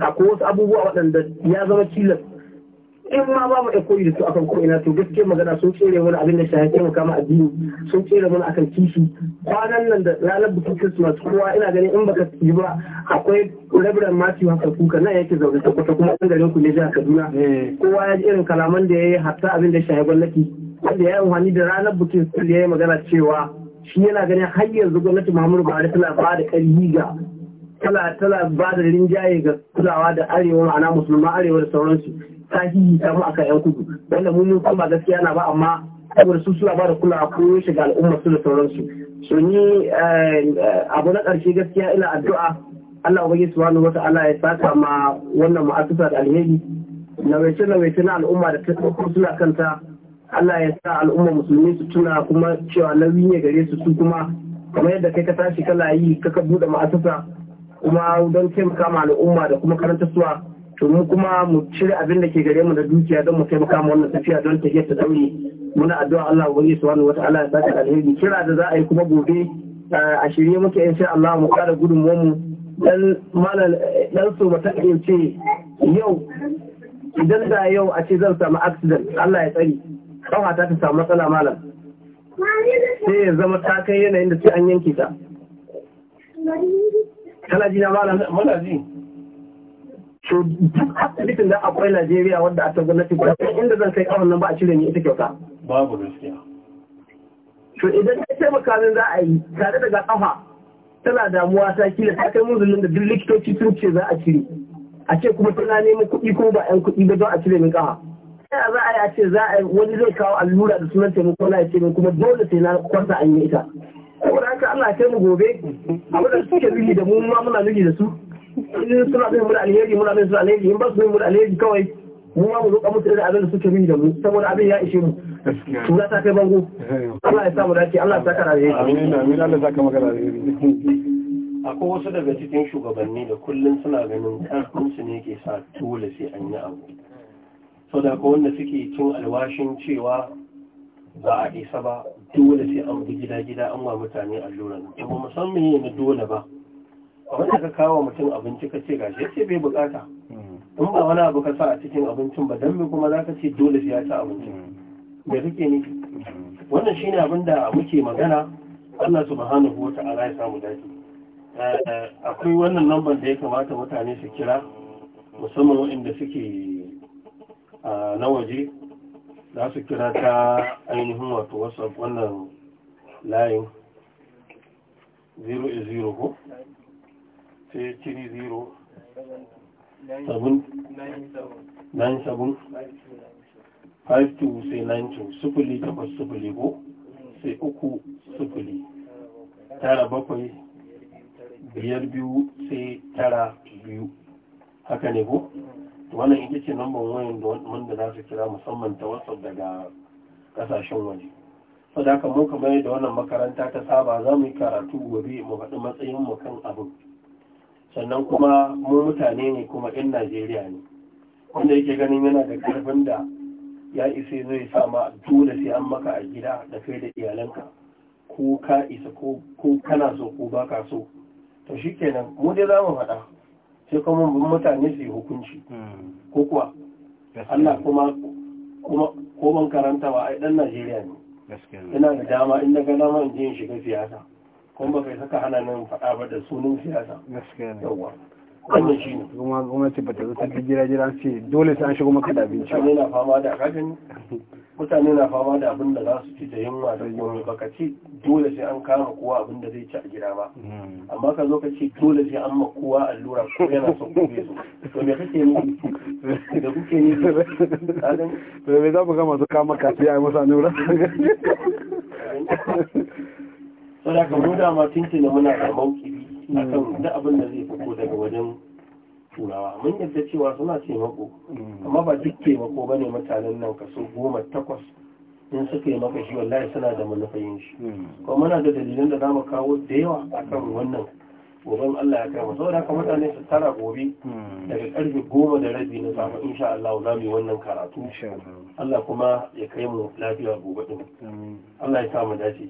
akwai wasu abubuwa waɗanda ya zama tilas in ma ba mu koyi da su akan ko ina to gaske magana sun tsere mana abin da ya taimaka mu addini sun tsere mana akan kishi kwanan nan da ranar bikin Christmas kowa ina ganin in baka yi ba akwai mati wa kan kuka nan yake zaune ta kwata kuma ɗan garin ku ne jihar Kaduna eh. kowa ya ji irin kalaman da ya yi hatta abin da shafi gwamnati wanda ya yi amfani da ranar bikin ya yi magana cewa shi yana ganin har yanzu gwamnati Muhammadu Buhari tana ba da ƙarfi ga tana tana ba da rinjaye ga kulawa da arewa ma'ana musulman arewa da sauransu ta hihi ta mu akan yan kudu wanda mun kuma ba gaskiya na ba amma saboda su suna ba da kulawa ko shiga al'umma su da sauransu so ni eh, abu na ƙarshe gaskiya ina addu'a Allah ubangi subhanahu ta'ala ya saka ma wannan mu'assasa da alheri na wece na wece na al'umma da ta suna kanta Allah ya sa al'umma musulmi su tuna kuma cewa nauyi ne gare su su kuma kamar yadda kai ka tashi kana yi ka buɗe ma'asasa, kuma don taimaka ma al'umma da kuma karanta suwa to mu kuma mu cire abin da ke gare mu da dukiya don mu taimaka ma wannan tafiya don ta ta daure muna addu'a Allah wani wata Allah ya sa ta alheri kira da za a yi kuma gobe eh, a shirye muke sha Allah mu kara gudunmuwar mu dan malal eh, dan so mata ce yau idan da yau a ce zan samu accident Allah ya tsari ƙafa ta ta samu matsala malam sai ya zama ta kai yanayin da sai an yanke ta kana na malam muna to duk asibitin da akwai Najeriya wadda a ta gwamnati ba inda zan kai kawon nan ba a cire ni ita kyauta babu gaskiya to idan ka taimaka min za a yi tare daga kafa tana damuwa ta kila ta kai munzulin da duk likitoci sun ce za a cire a ce kuma tana neman kuɗi ko ba 'yan kuɗi ba don a cire min kafa ta za a ce za a wani zai kawo allura da sunan taimako na ce kuma dole sai na kwanta an yi ita da haka Allah kai mu gobe abin da suke nufi da mu ma muna nufi da su in suna nufin mu da alheri muna nufin su alheri in ba su nufin mu da alheri kawai mu ma mu roƙa musu irin abin da suke nufi da mu saboda abin ya ishe mu tura ta kai bango eh. Allah ya samu dace Allah ya saka da alheri amin amin Allah ya sa maka da alheri akwai wasu daga cikin shugabanni da kullum suna ganin karfin su ne ke sa dole sai an yi abu sau da ko wanda suke cin alwashin cewa ba a isa ba dole sai an bi gida-gida an wa mutane allura nan kuma musamman yi na dole ba wanda ka kawo mutum abinci ka ce gashi ce bai bukata hmm. in ba wani abu ka sa a cikin abincin ba don me kuma za ka ce dole sai ya ci abincin da hmm. kake ni hmm. wannan shine abin da muke magana Allah subhanahu wa ta'ala ya samu dace eh, eh, akwai wannan lambar da ya kamata mutane su kira musamman waɗanda suke na waje za su kira ta ainihin wato whatsapp wannan layin 0 ko sai 3 7 9 sabon 52 sai sufuli 8 ko sai uku sufuli tara bakwai biyar biyu sai tara biyu haka ne ko wannan ita ce number wayan da wanda za su kira musamman ta whatsapp daga kasashen waje so da haka da kamar yadda wannan makaranta ta saba za mu yi karatu gobe mu faɗi matsayin mu kan abin sannan kuma mu mutane ne kuma 'yan najeriya ne wanda yake ganin yana da karfin da ya isa zai sa ma dole sai an maka a gida da kai da iyalanka ko ka isa ko kana so ko baka so to shikenan mu dai za mu faɗa sai kuma mutane su yi hukunci ko kuwa Allah kuma ko ban karanta ba ai dan Najeriya ne ina da dama in daga dama in je in shiga siyasa kuma ba kai saka hana nan faɗa ba da sunan siyasa yawa wannan shi ne kuma gwamnati ba ta zo ta jira jira ce dole sai an shigo maka da abinci mutane na fama da kafin mutane na fama da abin da za su ci da yunwa da gobe baka ci dole sai an kama kowa abin da zai ci a gida ba hmm. amma ka zo ka ce dole sai an ma kowa allura ko yana son kube su to me kake ni da kuke ni kadan to me za mu ga su kama kafiya ai masa nura saboda kamar da ma tintin muna da mauki akan da abin da zai fito daga wajen turawa mun yadda cewa suna taimako amma ba duk taimako ba ne mutanen nan kaso goma takwas in suka yi maka shi wallahi suna da manufayin shi hmm. kuma muna da dalilan da za mu kawo da yawa akan wannan goben Allah ya kama saboda haka mutane su tara gobe hmm. daga karfe goma da rabi na safe insha Allah za mu yi wannan karatu Allah kuma ya kai mu lafiya gobe din Allah ya sa mu dace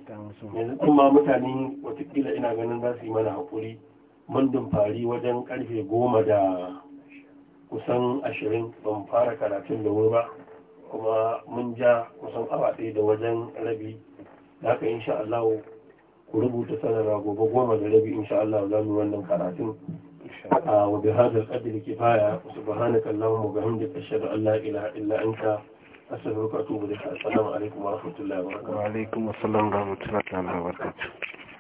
yanzu kuma mutane watakila ina ganin za su yi mana hakuri mun dumfari wajen karfe goma da kusan ashirin ban fara karatun da wuri ba kuma mun ja kusan awa ɗaya da wajen rabi da haka insha Allah ku rubuta sanarwa gobe goma da rabi insha Allah za mu wannan karatun wa bi hadha qadr kifaya subhanaka allahumma wa bihamdika ashhadu an la ilaha illa anta astaghfiruka wa atubu ilaik assalamu alaikum wa rahmatullahi wa barakatuh wa alaikum assalam wa rahmatullahi wa barakatuh